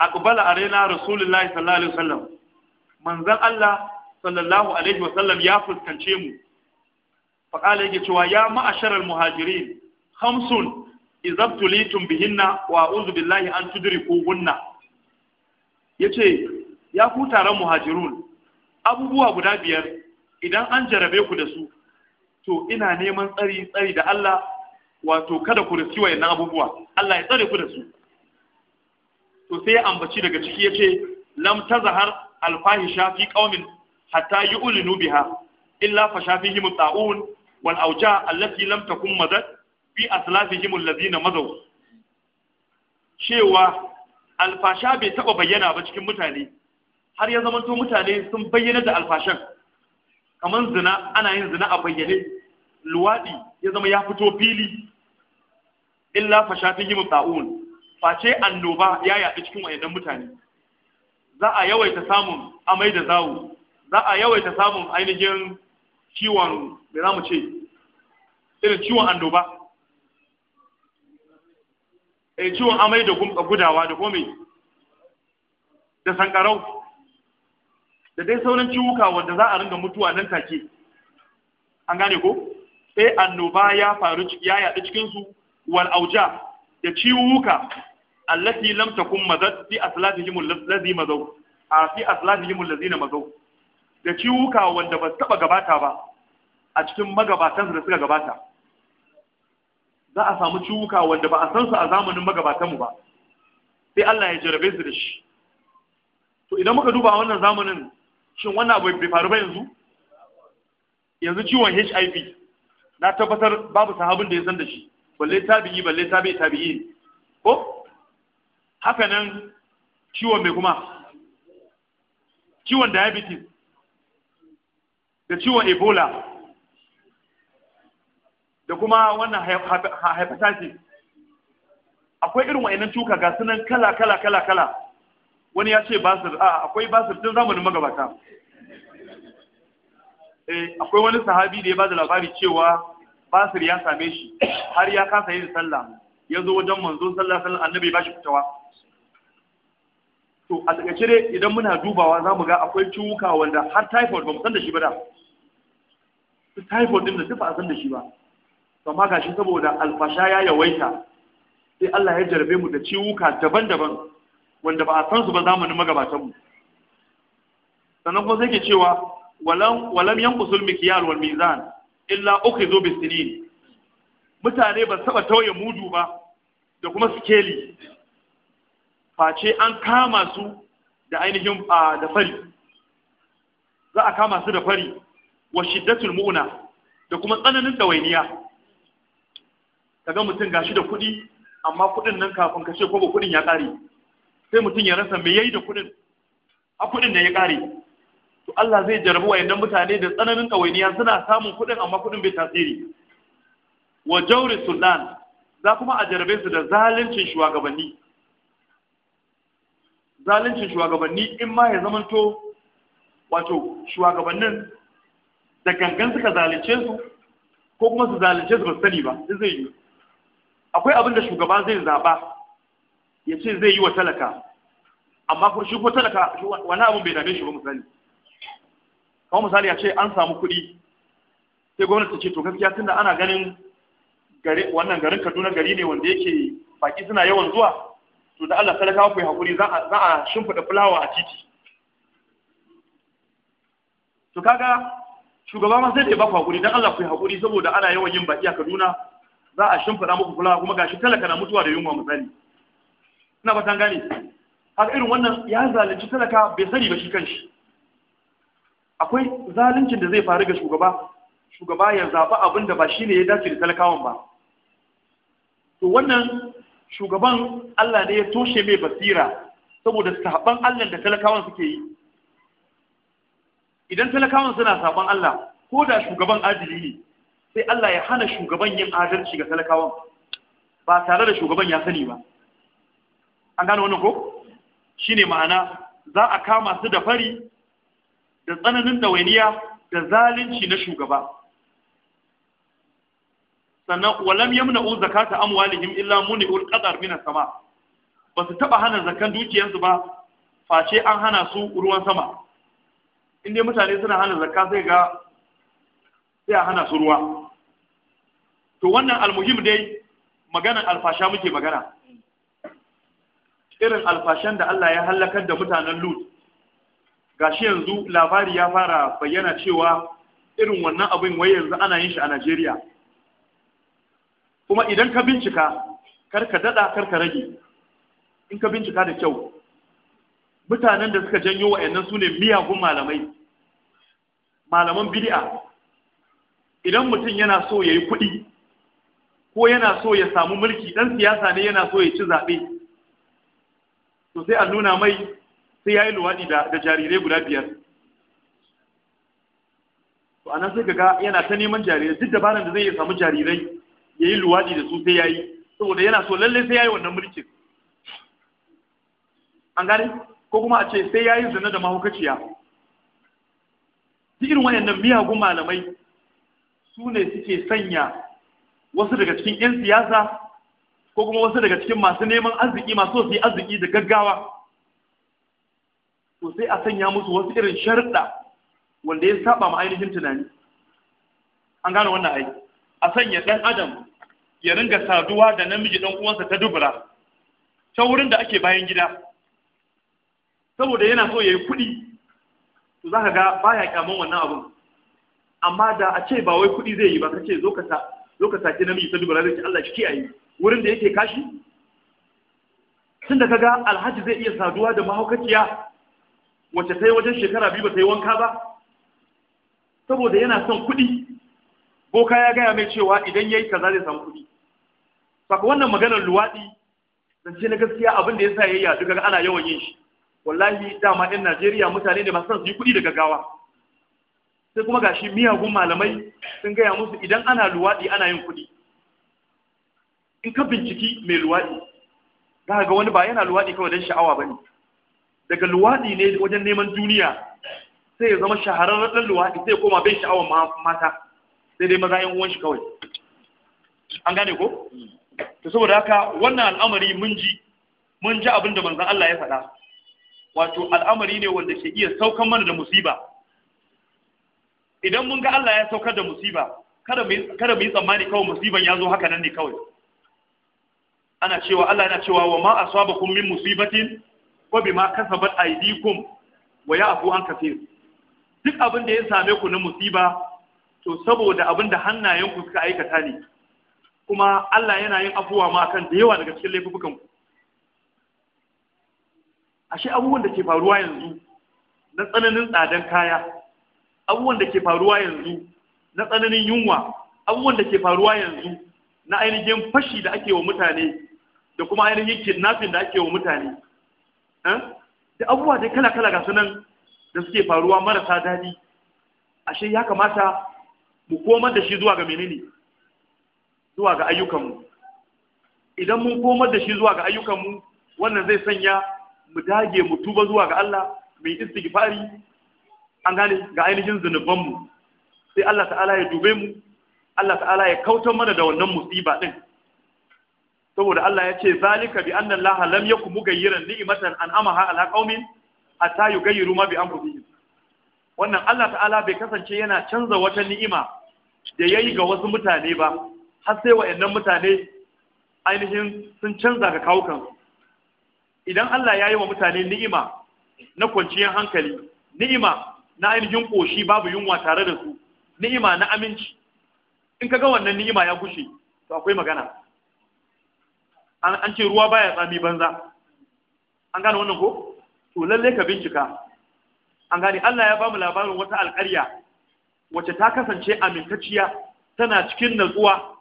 aqbala alaina rasulullahi sallallahu alaihi wasallam manzon Allah sallallahu alaihi wasallam ya fuskance mu fa yake cewa ya ma'asharal muhajirin khamsun izabtulitum bihinna wa a'udhu billahi an tudrikuhunna yace ya ku taron muhajirun abubuwa guda biyar idan an jarabe ku da su to ina neman tsari tsari da Allah wato kada ku riski wayannan abubuwa Allah ya tsare ku da su to sai ya ambaci daga ciki yace lam zahar alfahisha fi qaumin hatta yu'linu biha illa fashafihim ta'un wal awja allati lam takun madad fi aslafihim alladhina madaw cewa alfasha bai taɓa bayyana ba cikin mutane har ya zamanto mutane sun bayyana da alfashan kamar zina ana yin zina a bayyane luwaɗi ya zama ya fito fili illa fashatihim ta'un face annoba ya yaɗu cikin wayannan mutane za a yawaita samun amai da zawo za a yawaita samun ainihin ciwon da za mu ce irin ciwon annoba eh ciwon amai da gudawa da gome da sankarau da dai sauran ciwuka wanda za a ringa mutuwa nan take an gane ko sai annoba ya faru ya yaɗu cikin su wal auja da ciwuka allati lam takun mazat fi aslatihim allazi mazau a fi aslatihim allazina mazau da ciwuka wanda ba taba gabata ba a cikin magabatan da suka gabata za a samu ciwuka wanda ba a san su a zamanin magabatan mu ba sai Allah ya jarabe su da shi to idan muka duba wannan zamanin shin wannan abu bai faru ba yanzu yanzu ciwon HIV na tabbatar babu sahabin da ya san da shi balle tabi'i balle tabi'i tabi'i ko haka nan ciwon mai kuma ciwon diabetes da ciwon ebola da kuma wannan hepatitis akwai irin wa'annan cuka ga sunan kala kala kala kala wani ya ce basir a akwai basir tun zamanin magabata Eh, akwai wani sahabi da ya ba da labari cewa basir ya same shi har ya kasa yin sallah ya zo wajen manzo sallah sallah annabi ba shi fitawa to a tsakace dai idan muna dubawa za mu ga akwai ciwuka wanda har typhoid ba mu san da shi ba da typhoid din da duk a san da shi ba to amma gashi saboda alfasha ya yawaita sai Allah ya jarbe mu da ciwuka daban-daban wanda ba a san su ba zamanin mu sannan kuma sai ke cewa walam walam yanqusul mikyal wal mizan illa bis sinin mutane ba saba tauye mudu ba da kuma sikeli face an kama su da ainihin da fari za a kama su da fari wa shiddatul mu'na da kuma tsananin dawainiya kaga mutum gashi da kuɗi amma kuɗin nan kafin ka ce ko kuɗin ya ƙare sai mutum ya rasa me yayi da kudin a kudin da ya kare to Allah zai jarabu wayannan mutane da tsananin ƙawainiya suna samun kuɗin amma kuɗin bai tasiri wa jauri sultan za kuma a jarabe su da zaluncin shugabanni zaluncin shugabanni in ma ya zamanto wato shugabannin da gangan suka zalunce su ko kuma su zalunce su ba sani ba zai yi akwai abin da shugaba zai zaba ya ce zai yi wa talaka amma kuma shi ko talaka wani abin bai dame shi ba misali Kawo misali a ce an samu kuɗi sai gwamnati ta ce to gaskiya tunda ana ganin wannan garin kaduna gari ne wanda yake baki suna yawan zuwa to da allah sadaka ku yi haƙuri za a shimfiɗa fulawa a titi to kaga shugaba ma sai da ya baku haƙuri don allah ku yi haƙuri saboda ana yawan yin baki a kaduna za a shimfiɗa muku fulawa kuma gashi talaka na mutuwa da yunwa misali ina ba gane haka irin wannan ya zalunci talaka bai sani ba shi kanshi akwai zaluncin da zai faru ga shugaba shugaba ya zaɓi abin da ba shi ne ya dace da talakawan ba to wannan shugaban Allah ne ya toshe mai basira saboda saɓan Allah da talakawan suke yi idan talakawan suna saɓan Allah ko da shugaban adili ne sai Allah ya hana shugaban yin adalci ga talakawan ba tare da shugaban ya sani ba an gano wannan ko shine ma'ana za a kama su da fari da tsananin dawainiya da zalunci na shugaba sannan walam yamna'u zakata amwalihim illa muni'ul qadar minas sama ba su taba hana zakan dukiyarsu ba face an hana su ruwan sama inda mutane suna hana zakka sai ga sai a hana su ruwa to wannan almuhim dai maganan alfasha muke magana irin alfashan da Allah ya halakar da mutanen Lut gashi yanzu labari ya fara bayyana cewa irin wannan abin wai yanzu ana yin shi a Najeriya kuma idan ka bincika karka ka dada kar rage in ka bincika da kyau mutanen da suka janyo wa su ne miyagun malamai malaman bid'a idan mutum yana so ya yi kuɗi ko yana so ya samu mulki ɗan siyasa ne yana so ya ci zaɓe to sai a nuna mai sai ya yi luwaɗi da jarirai guda biyar to anan sai kaga yana ta neman jarirai duk dabaran da zai iya samu jarirai ya yi luwaɗi da su sai ya yi saboda yana so lallai sai ya yi wannan mulkin an gane ko kuma a ce sai ya yi zane da mahaukaciya duk irin wayannan miyagun malamai su ne suke sanya wasu daga cikin 'yan siyasa ko kuma wasu daga cikin masu neman arziki masu wasu arziki da gaggawa to sai a sanya musu wasu irin sharuɗa wanda ya saba ma ainihin tunani an gane wannan aiki a sanya ɗan adam ya ringa saduwa da namiji ɗan uwansa ta dubura ta wurin da ake bayan gida saboda yana so ya yi kuɗi to za ka ga baya kyaman wannan abun amma da a ce ba wai kuɗi zai yi ba ka ce zo ka saki namiji ta dubura zai Allah shi kiyaye wurin da yake kashi Tunda da ga alhaji zai iya saduwa da mahaukaciya Wace ta yi wajen shekara biyu ba ta yi wanka ba saboda yana son kuɗi boka ya gaya mai cewa idan ya yi kaza zai samu kuɗi saka wannan maganar luwaɗi zance na gaskiya abin da ya sa ya yadu ana yawan yin shi wallahi dama ɗin najeriya mutane ne masu son su yi kuɗi da gaggawa sai kuma gashi miyagun malamai sun gaya musu idan ana luwaɗi ana yin kuɗi in ka binciki mai luwaɗi za ga wani ba yana luwaɗi kawai don sha'awa ba ne daga luwaɗi ne wajen neman duniya sai ya zama shahararren ɗan luwaɗi sai ya koma bai sha'awar mata sai dai maza yan uwan shi kawai an gane ko to saboda haka wannan al'amari mun ji mun ji abin da Allah ya faɗa wato al'amari ne wanda ke iya saukan mana da musiba idan mun ga Allah ya saukar da musiba kada mu yi tsammani kawai musiban ya zo haka nan ne kawai ana cewa Allah yana cewa wa ma kun min musibatin wa bima kasabat aydikum wa ya'fu an kaseer duk abin da ya same ku na musiba to saboda abin da hannayenku suka aikata ne kuma Allah yana yin afuwa ma kan da yawa daga cikin laifukan ku ashe abubuwan da ke faruwa yanzu na tsananin tsadan kaya abubuwan da ke faruwa yanzu na tsananin yunwa abubuwan da ke faruwa yanzu na ainihin fashi da ake wa mutane da kuma ainihin kidnapping da ake wa mutane da abubuwa dai kala-kala ga sunan da suke faruwa marasa daɗi ashe ya kamata mu komar da shi zuwa ga menene zuwa ga ayyukanmu idan mun komar da shi zuwa ga ayyukanmu wannan zai sanya mu dage mu tuba zuwa ga Allah mai istighfari an gane ga ainihin zunubanmu sai Allah ta'ala ya dube mu Allah ta'ala ya kautar mana da wannan musiba din saboda Allah ya ce zalika bi annan Allah lam yakum mugayyiran ni'matan amaha ala qaumin hatta yugayyiru ma bi anfusihim wannan Allah ta'ala bai kasance yana canza wata ni'ima da yayi ga wasu mutane ba har sai wayannan mutane ainihin sun canza ga kawukan idan Allah ya yi wa mutane ni'ima na kwanciyar hankali ni'ima na ainihin koshi babu yunwa tare da su ni'ima na aminci in ka ga wannan ni'ima ya gushe to akwai magana an ce ruwa baya tsami banza an gane wannan ko to lalle ka bincika an gane Allah ya ba mu labarin wata alƙarya wacce ta kasance amintacciya tana cikin natsuwa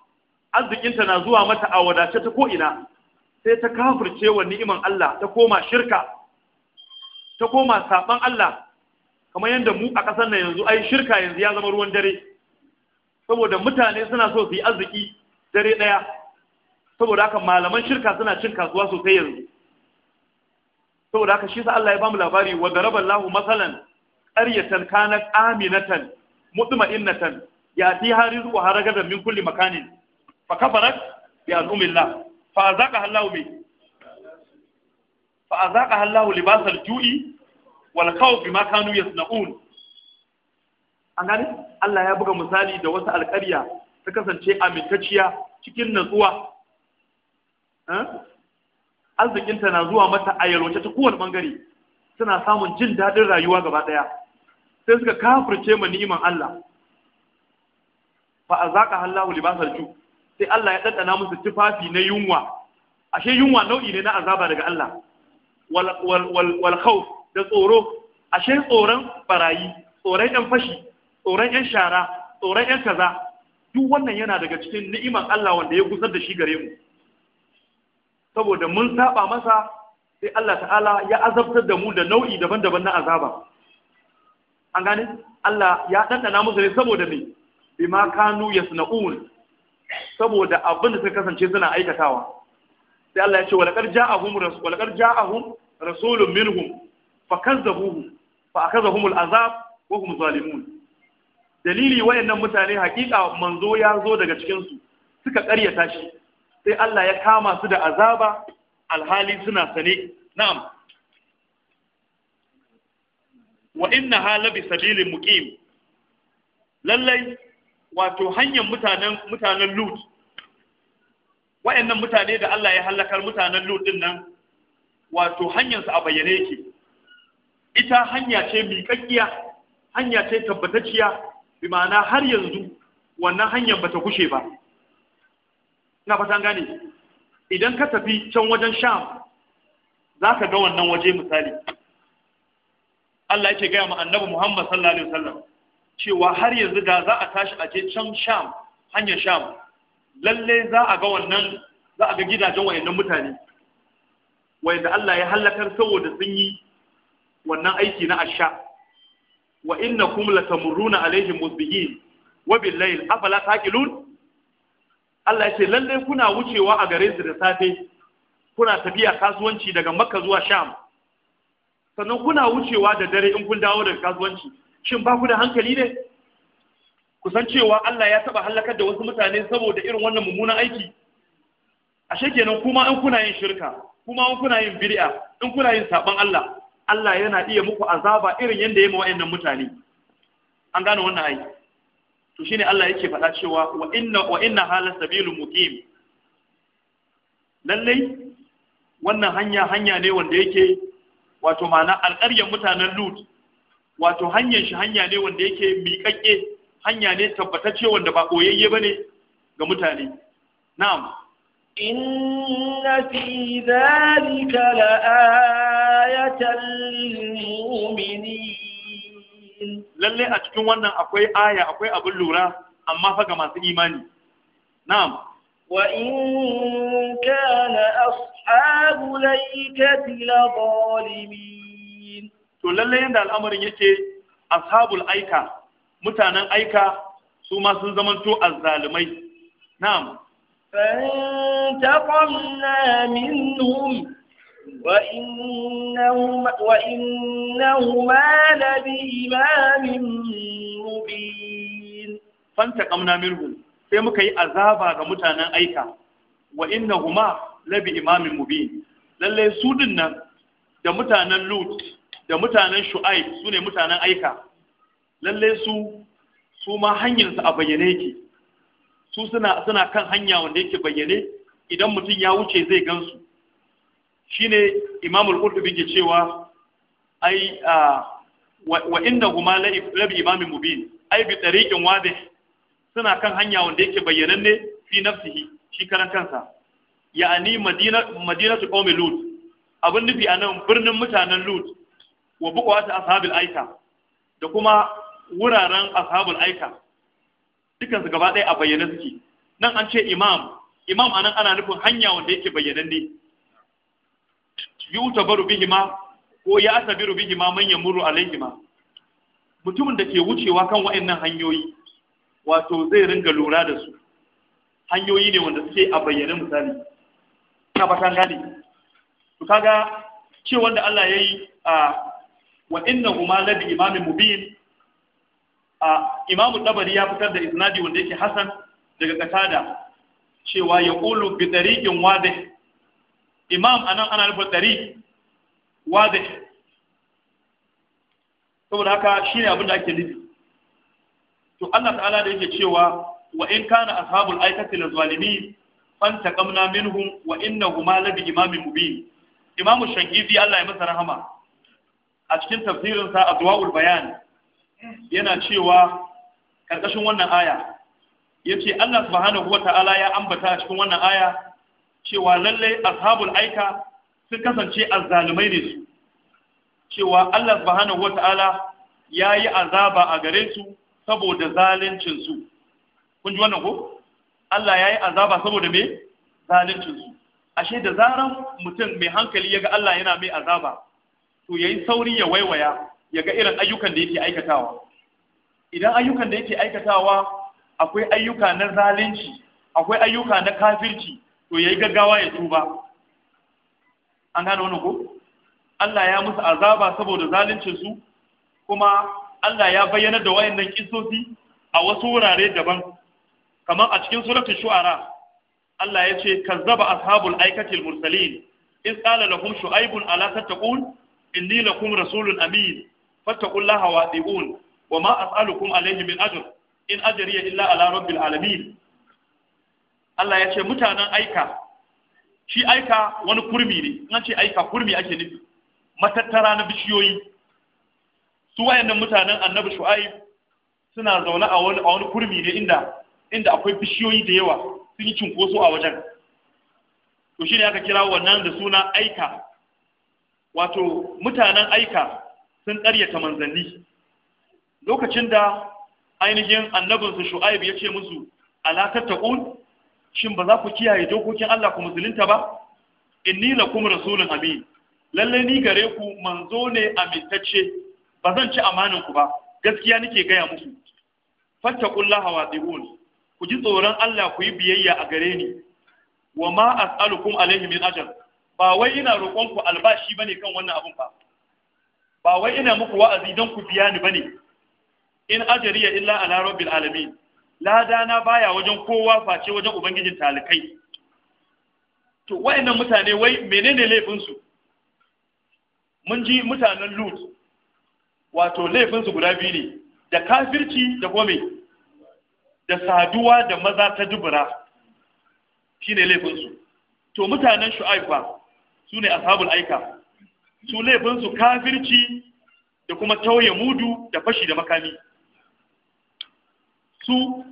arzikinta na zuwa mata a wadace ta ko'ina sai ta kafirce wa ni'iman Allah ta koma shirka ta koma saban Allah kamar yadda mu a ƙasar nan yanzu ai shirka yanzu ya zama ruwan dare saboda mutane suna so su yi arziki dare ɗaya saboda haka malaman shirka suna cin kasuwa sosai yanzu saboda haka shi sa Allah ya bamu labari wa daraballahu masalan qaryatan kanat aminatan mutma'innatan yatiha rizquha ragadan min kulli makanin fa kafarat bi an'umillah fa azaka Allahu bi fa azaka Allahu libasal ju'i wal khawf bima kanu yasna'un an gane Allah ya buga misali da wata alƙarya ta kasance amintacciya cikin natsuwa arzikinta na zuwa mata a yalwace ta kowane bangare suna samun jin daɗin rayuwa gaba ɗaya sai suka kafirce ma ni'iman Allah fa azaka Allahu libasal ju sai Allah ya daddana musu tufafi na yunwa ashe yunwa nau'i ne na azaba daga Allah wal wal da tsoro ashe tsoron barayi tsoron yan fashi tsoron yan shara tsoron yan kaza duk wannan yana daga cikin ni'iman Allah wanda ya gusar da shi gare mu saboda mun saba masa sai Allah ta'ala ya azabtar da mu da nau'i daban-daban na azaba an gane Allah ya ɗanɗana musu ne saboda me ma kanu yasna'un saboda abin da suka kasance suna aikatawa sai Allah ya ce walaqad ja'ahum rasul ja'ahum rasulun minhum kazzabuhu fa akazahum al'azab wa hum zalimun dalili wayannan mutane hakika manzo ya zo daga cikin su suka ƙaryata shi sai Allah ya kama su da azaba alhali suna sane na'am wa inna hala bi sabilin muqim lallai wato hanyar mutanen mutanen Lut wayannan mutane da Allah ya halakar mutanen Lut din nan wato hanyar su a bayyane yake ita hanya ce kakkiya hanya ce tabbatacciya bi ma'ana har yanzu wannan hanyar bata kushe ba ina fatan gane idan ka tafi can wajen sham za ka ga wannan waje misali Allah yake gaya ma annabi Muhammad sallallahu alaihi wasallam cewa har yanzu da za a tashi a je can sham hanyar sham lalle za a ga wannan za a ga gidajen wayannan mutane wayanda Allah ya halakar saboda sun yi wannan aiki na asha wa innakum latamurruna alaihim musbihin wa bil layl afala taqilun Allah ya ce lallai kuna wucewa a gare su da safe kuna tafiya kasuwanci daga Makka zuwa Sham sannan kuna wucewa da dare in kun dawo daga kasuwanci shin ba ku da hankali ne ku cewa Allah ya taba halakar da wasu mutane saboda irin wannan mummunan aiki ashe kenan kuma in kuna yin shirka kuma in kuna yin bid'a in kuna yin saban Allah Allah yana iya muku azaba irin yanda ya yi wa'annan mutane an gane wannan aiki to shine Allah yake faɗa cewa wa inna wa inna hala sabilu muqim lallai wannan hanya hanya ne wanda yake wato ma'ana alƙaryar mutanen Lut wato hanyar shi hanya ne wanda yake miƙaƙƙe hanya ne tabbatacce wanda ba koyayye bane ga mutane na'am inna fi dhalika ayatan lil mu'minin lalle a cikin wannan akwai aya akwai abin lura amma fa ga masu imani na'am wa in kana ashabu laikati la zalimin to lalle yanda al'amarin yake ashabul aika mutanen aika su ma sun zamanto azzalimai na'am فانتقمنا minhum وإنهما, وإنهما لبإمام مبين فانتقمنا منهم sai muka yi azaba ga mutanen aika wa inna huma labi imamin mubin lalle su dinnan da mutanen lut da mutanen shu'aib su ne mutanen aika lalle su su ma hanyarsu a bayyane yake su suna suna kan hanya wanda yake bayyane idan mutum ya wuce zai gan su. shine imamul al-Qurtubi ke cewa ai wa inna huma la bi imamin mubin ai bi tariqin suna kan hanya wanda yake bayyananne fi nafsihi shi karan kansa ya'ani madina madinatu qaumi lut Abun nufi anan birnin mutanen lut wa buqwat ashabil aika da kuma wuraren ashabul aika dukan su gaba ɗaya a bayyane suke nan an ce imam imam anan ana nufin hanya wanda yake bayyananne yutabaru bihima ko ya asabiru bihima man yamuru alaihima mutumin da ke wucewa kan wa'annan hanyoyi wato zai ringa lura da su hanyoyi ne wanda suke a bayyane misali ina ba gane to kaga ce wanda Allah yayi a wa huma la bi imamin mubin a Imam tabari ya fitar da isnadi wanda yake hasan daga katada cewa ya qulu bi tariqin wadih imam anan ana nufin ɗari wazi saboda haka shine abin da ake nufi to Allah ta'ala da yake cewa wa in kana ashabul aikati lazalimin fantaqamna minhum wa innahuma labi imamin mubin imam shangizi Allah ya masa rahama a cikin tafsirin sa adwaul bayan yana cewa karkashin wannan aya yace Allah subhanahu wata'ala ya ambata a cikin wannan aya cewa lallai ashabul aika sun kasance azzalumai ne su cewa Allah subhanahu wata'ala ya yi azaba a gare su saboda zalincin su kun ji wannan ko Allah ya yi azaba saboda me zalincin su ashe da zaran mutum mai hankali ya ga Allah yana mai azaba to yayi sauri ya waiwaya ya ga irin ayyukan da yake aikatawa idan ayyukan da yake aikatawa akwai ayyuka na zalunci akwai ayyuka na kafirci to yayi gaggawa ya tuba an gane wannan ko Allah ya musu azaba saboda zaluncin su kuma Allah ya bayyana da wayannan kissosi a wasu wurare daban kamar a cikin suratul shu'ara Allah ya ce kazzaba ashabul aikatil mursalin in qala lahum shu'aibun ala tattaqun inni lakum rasulun amin fattaqullaha wa atiun wa ma as'alukum alayhi min ajr in ajriya illa ala rabbil alamin Allah ya ce mutanen aika shi aika wani kurmi ne An ce aika kurmi ake nufi matattara na bishiyoyi su wayannan mutanen annabi shu'aib suna zaune a wani a wani kurmi ne inda inda akwai bishiyoyi da yawa sun yi cinkoso a wajen to shine aka kira wannan da suna aika wato mutanen aika sun ƙaryata manzanni lokacin da ainihin annabinsu shu'aib ya ce musu ala tattaqun shin ba za ku kiyaye dokokin Allah ku musulunta ba inni lakum rasulun amin lalle ni gare ku manzo ne amintacce ba zan ci amanin ku ba gaskiya nake gaya muku fattaqullaha wa tiqun ku ji tsoron Allah ku yi biyayya a gare ni wa ma as'alukum alaihi min ajr ba wai ina roƙon ku albashi bane kan wannan abun ba ba wai ina muku wa'azi don ku biya ni bane in ajriya illa ala rabbil alamin Lada na baya wajen kowa face wajen ubangijin talikai to wayannan mutane wai menene laifinsu mun ji mutanen lut wato laifinsu guda biyu ne da kafirci da gome da saduwa da maza ta dubura shine laifinsu to mutanen shu'aifa su ne ashabul aika su laifinsu kafirci da kuma tauye mudu da fashi da makami su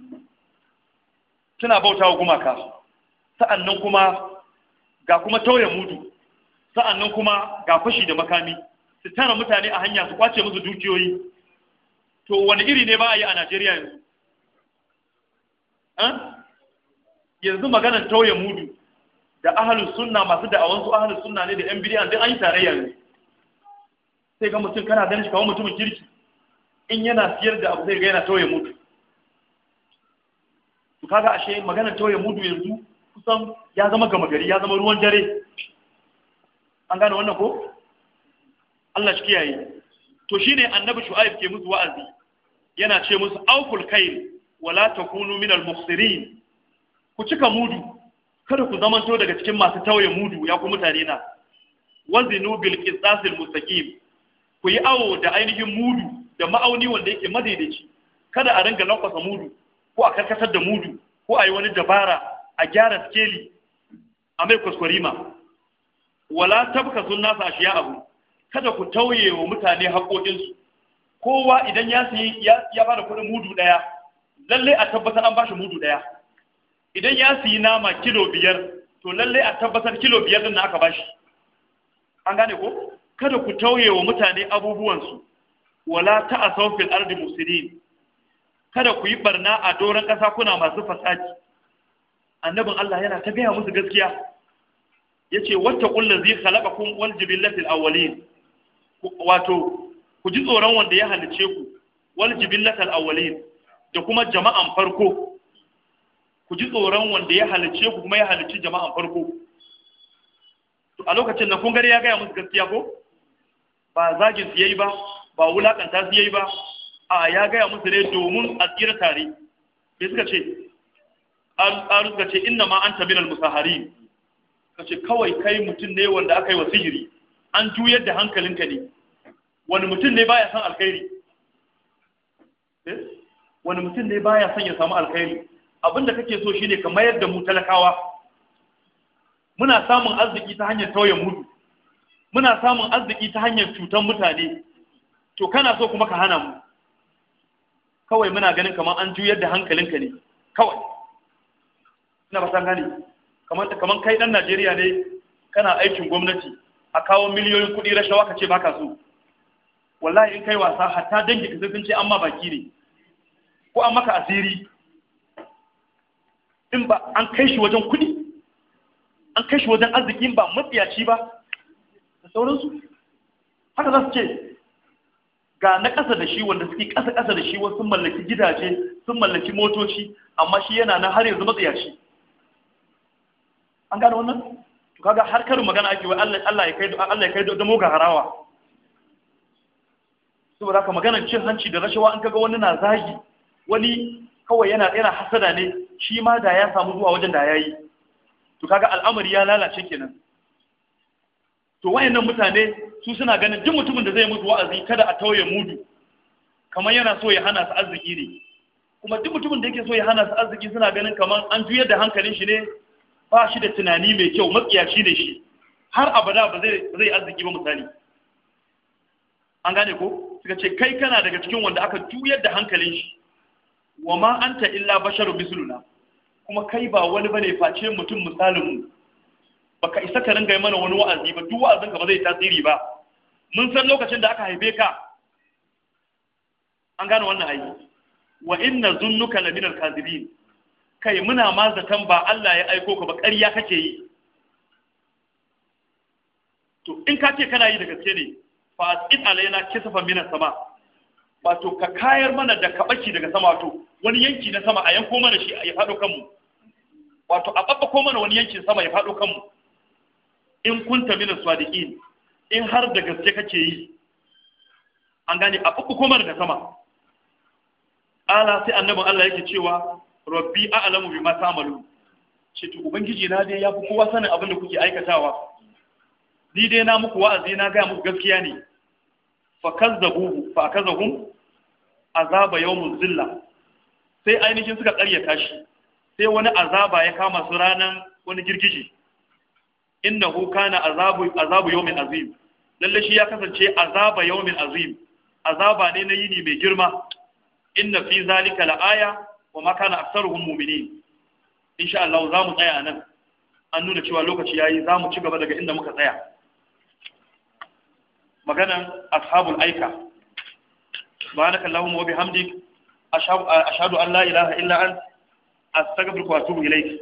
suna bauta wa gumaka sa'annan kuma ga kuma tauye mudu sa'annan kuma ga fashi da makami su tara mutane a hanya su kwace musu dukiyoyi to wani iri ne ba a yi a najeriya yanzu yanzu maganar tauye mudu da ahalus suna masu da'awansu ahalus suna ne da yan bidiyan duk an yi tarayya ne sai ga mutum kana ganin shi kawo mutumin kirki in yana siyar da abu zai ga yana tauye mudu to kaga ashe maganar tauye mudu yanzu kusan ya zama gama gari ya zama ruwan dare an gane wannan ko Allah shi kiyaye to shine annabi shu'aib ke musu wa'azi yana ce musu auful kayl wala takunu minal mukhsirin ku cika mudu kada ku zamanto daga cikin masu tauye mudu ya ku mutane na wazinu bil qisasil mustaqim ku yi awo da ainihin mudu da ma'auni wanda yake madaidaici kada a ringa lankwasa mudu ko a karkasar da mudu ko a yi wani dabara a gyara skeli a mai kwaskwarima wala tabka sun nasa shi ya abu kada ku tauye wa mutane haƙoƙinsu kowa idan ya sayi ya ba da kuɗin mudu ɗaya lallai a tabbatar an ba shi mudu ɗaya idan ya sayi nama kilo biyar to lallai a tabbatar kilo biyar din na aka ba shi an gane ko kada ku tauye wa mutane abubuwansu wala ta'asaw fil ardi mufsidin kada ku yi barna a doron ƙasa kuna masu fasadi annabin Allah yana ta gaya musu gaskiya Ya ce, wata kullu zai khalaqakum wal jibillatil awwalin wato ku ji tsoron wanda ya halice ku wal jibillatil awwalin da kuma jama'an farko ku ji tsoron wanda ya halice ku kuma ya halice jama'an farko a lokacin nan kun ya gaya musu gaskiya ko ba zagin su yayi ba ba wulakanta su yayi ba a ya gaya musu ne domin a tsira tare me suka ce an suka ce inna ma anta minal musahari ka ce kawai kai mutum ne wanda aka yi wa sihiri an juyar da hankalinka ne wani mutum ne baya son alkhairi eh? wani mutum ne baya son ya samu alkhairi abinda kake so shine ka mayar da mu talakawa muna samun arziki ta hanyar tauye mudu muna samun arziki ta hanyar cutar mutane to kana so kuma ka hana mu kawai muna ganin kamar an juyar da hankalinka ne kawai ina ba san gani kamar kai dan Najeriya ne kana aikin gwamnati a kawo miliyoyin kuɗi rashawa ka ce baka so wallahi in kai wasa hatta dangi ka sun ce an ma baki ne ko an maka asiri in ba an kai shi wajen kuɗi an kai shi wajen arziki ba matsiyaci ba da sauransu haka za su ce ga na ƙasa da shi wanda suke ƙasa ƙasa da shi wasu sun mallaki gidaje sun mallaki motoci amma shi yana nan har yanzu matsaya shi. an gane wannan to kaga har karin magana ake wa Allah ya kai Allah ya kai da moga harawa saboda haka maganar cin hanci da rashawa an kaga wani na zagi wani kawai yana yana hasada ne shi ma da ya samu zuwa wajen da yayi to kaga al'amari ya lalace kenan to wayannan mutane su suna ganin duk mutumin da zai mutu wa'azi kada a tauye mudu kamar yana so ya hana su arziki ne kuma duk mutumin da yake so ya hana su arziki suna ganin kamar an juyar da hankalin shi ne ba shi da tunani mai kyau matsiyaci ne shi har abada ba zai arziki ba misali an gane ko suka ce kai kana daga cikin wanda aka juyar da hankalin shi wa ma anta illa basharu bisluna kuma kai ba wani bane face mutum misalin mu baka isa ka ringa mana wani wa'azi ba duk wa'azin ka ba zai tasiri ba mun san lokacin da aka haife ka an gane wannan hayi wa inna zunnuka la minal kadhibin kai muna ma zatan ba Allah ya aiko ka ba ƙarya kake yi to in ka ce kana yi da gaske ne fa asid alaina kisafa minas sama wato ka kayar mana da kabaki daga sama wato wani yanki na sama a yanko mana shi ya faɗo kanmu wato a babba ko mana wani yankin sama ya faɗo kanmu in kunta mina sadiqin in har da gaske kake yi an gane a hukumar daga sama ala sai annabin Allah yake cewa rabbi a'lamu bima ta'malu ce to ubangiji na dai yafi kowa sanin abin da kuke aikatawa ni dai na muku wa'azi na ga muku gaskiya ne fa kazzabuhu fa kazzahum azaba yawmul zilla sai ainihin suka karyata shi sai wani azaba ya kama su ranan wani girgije innahu kana azabu azabu yawmin azim lalle shi ya kasance azaba yawmin azim azaba ne na yini mai girma inna fi zalika la'aya wa ma kana aktsaruhum mu'minin insha Allah zamu tsaya nan an nuna cewa lokaci yayi zamu ci gaba daga inda muka tsaya maganan ashabul aika subhanaka allahumma wa bihamdik ashhadu an la ilaha illa anta astaghfiruka wa atubu ilayk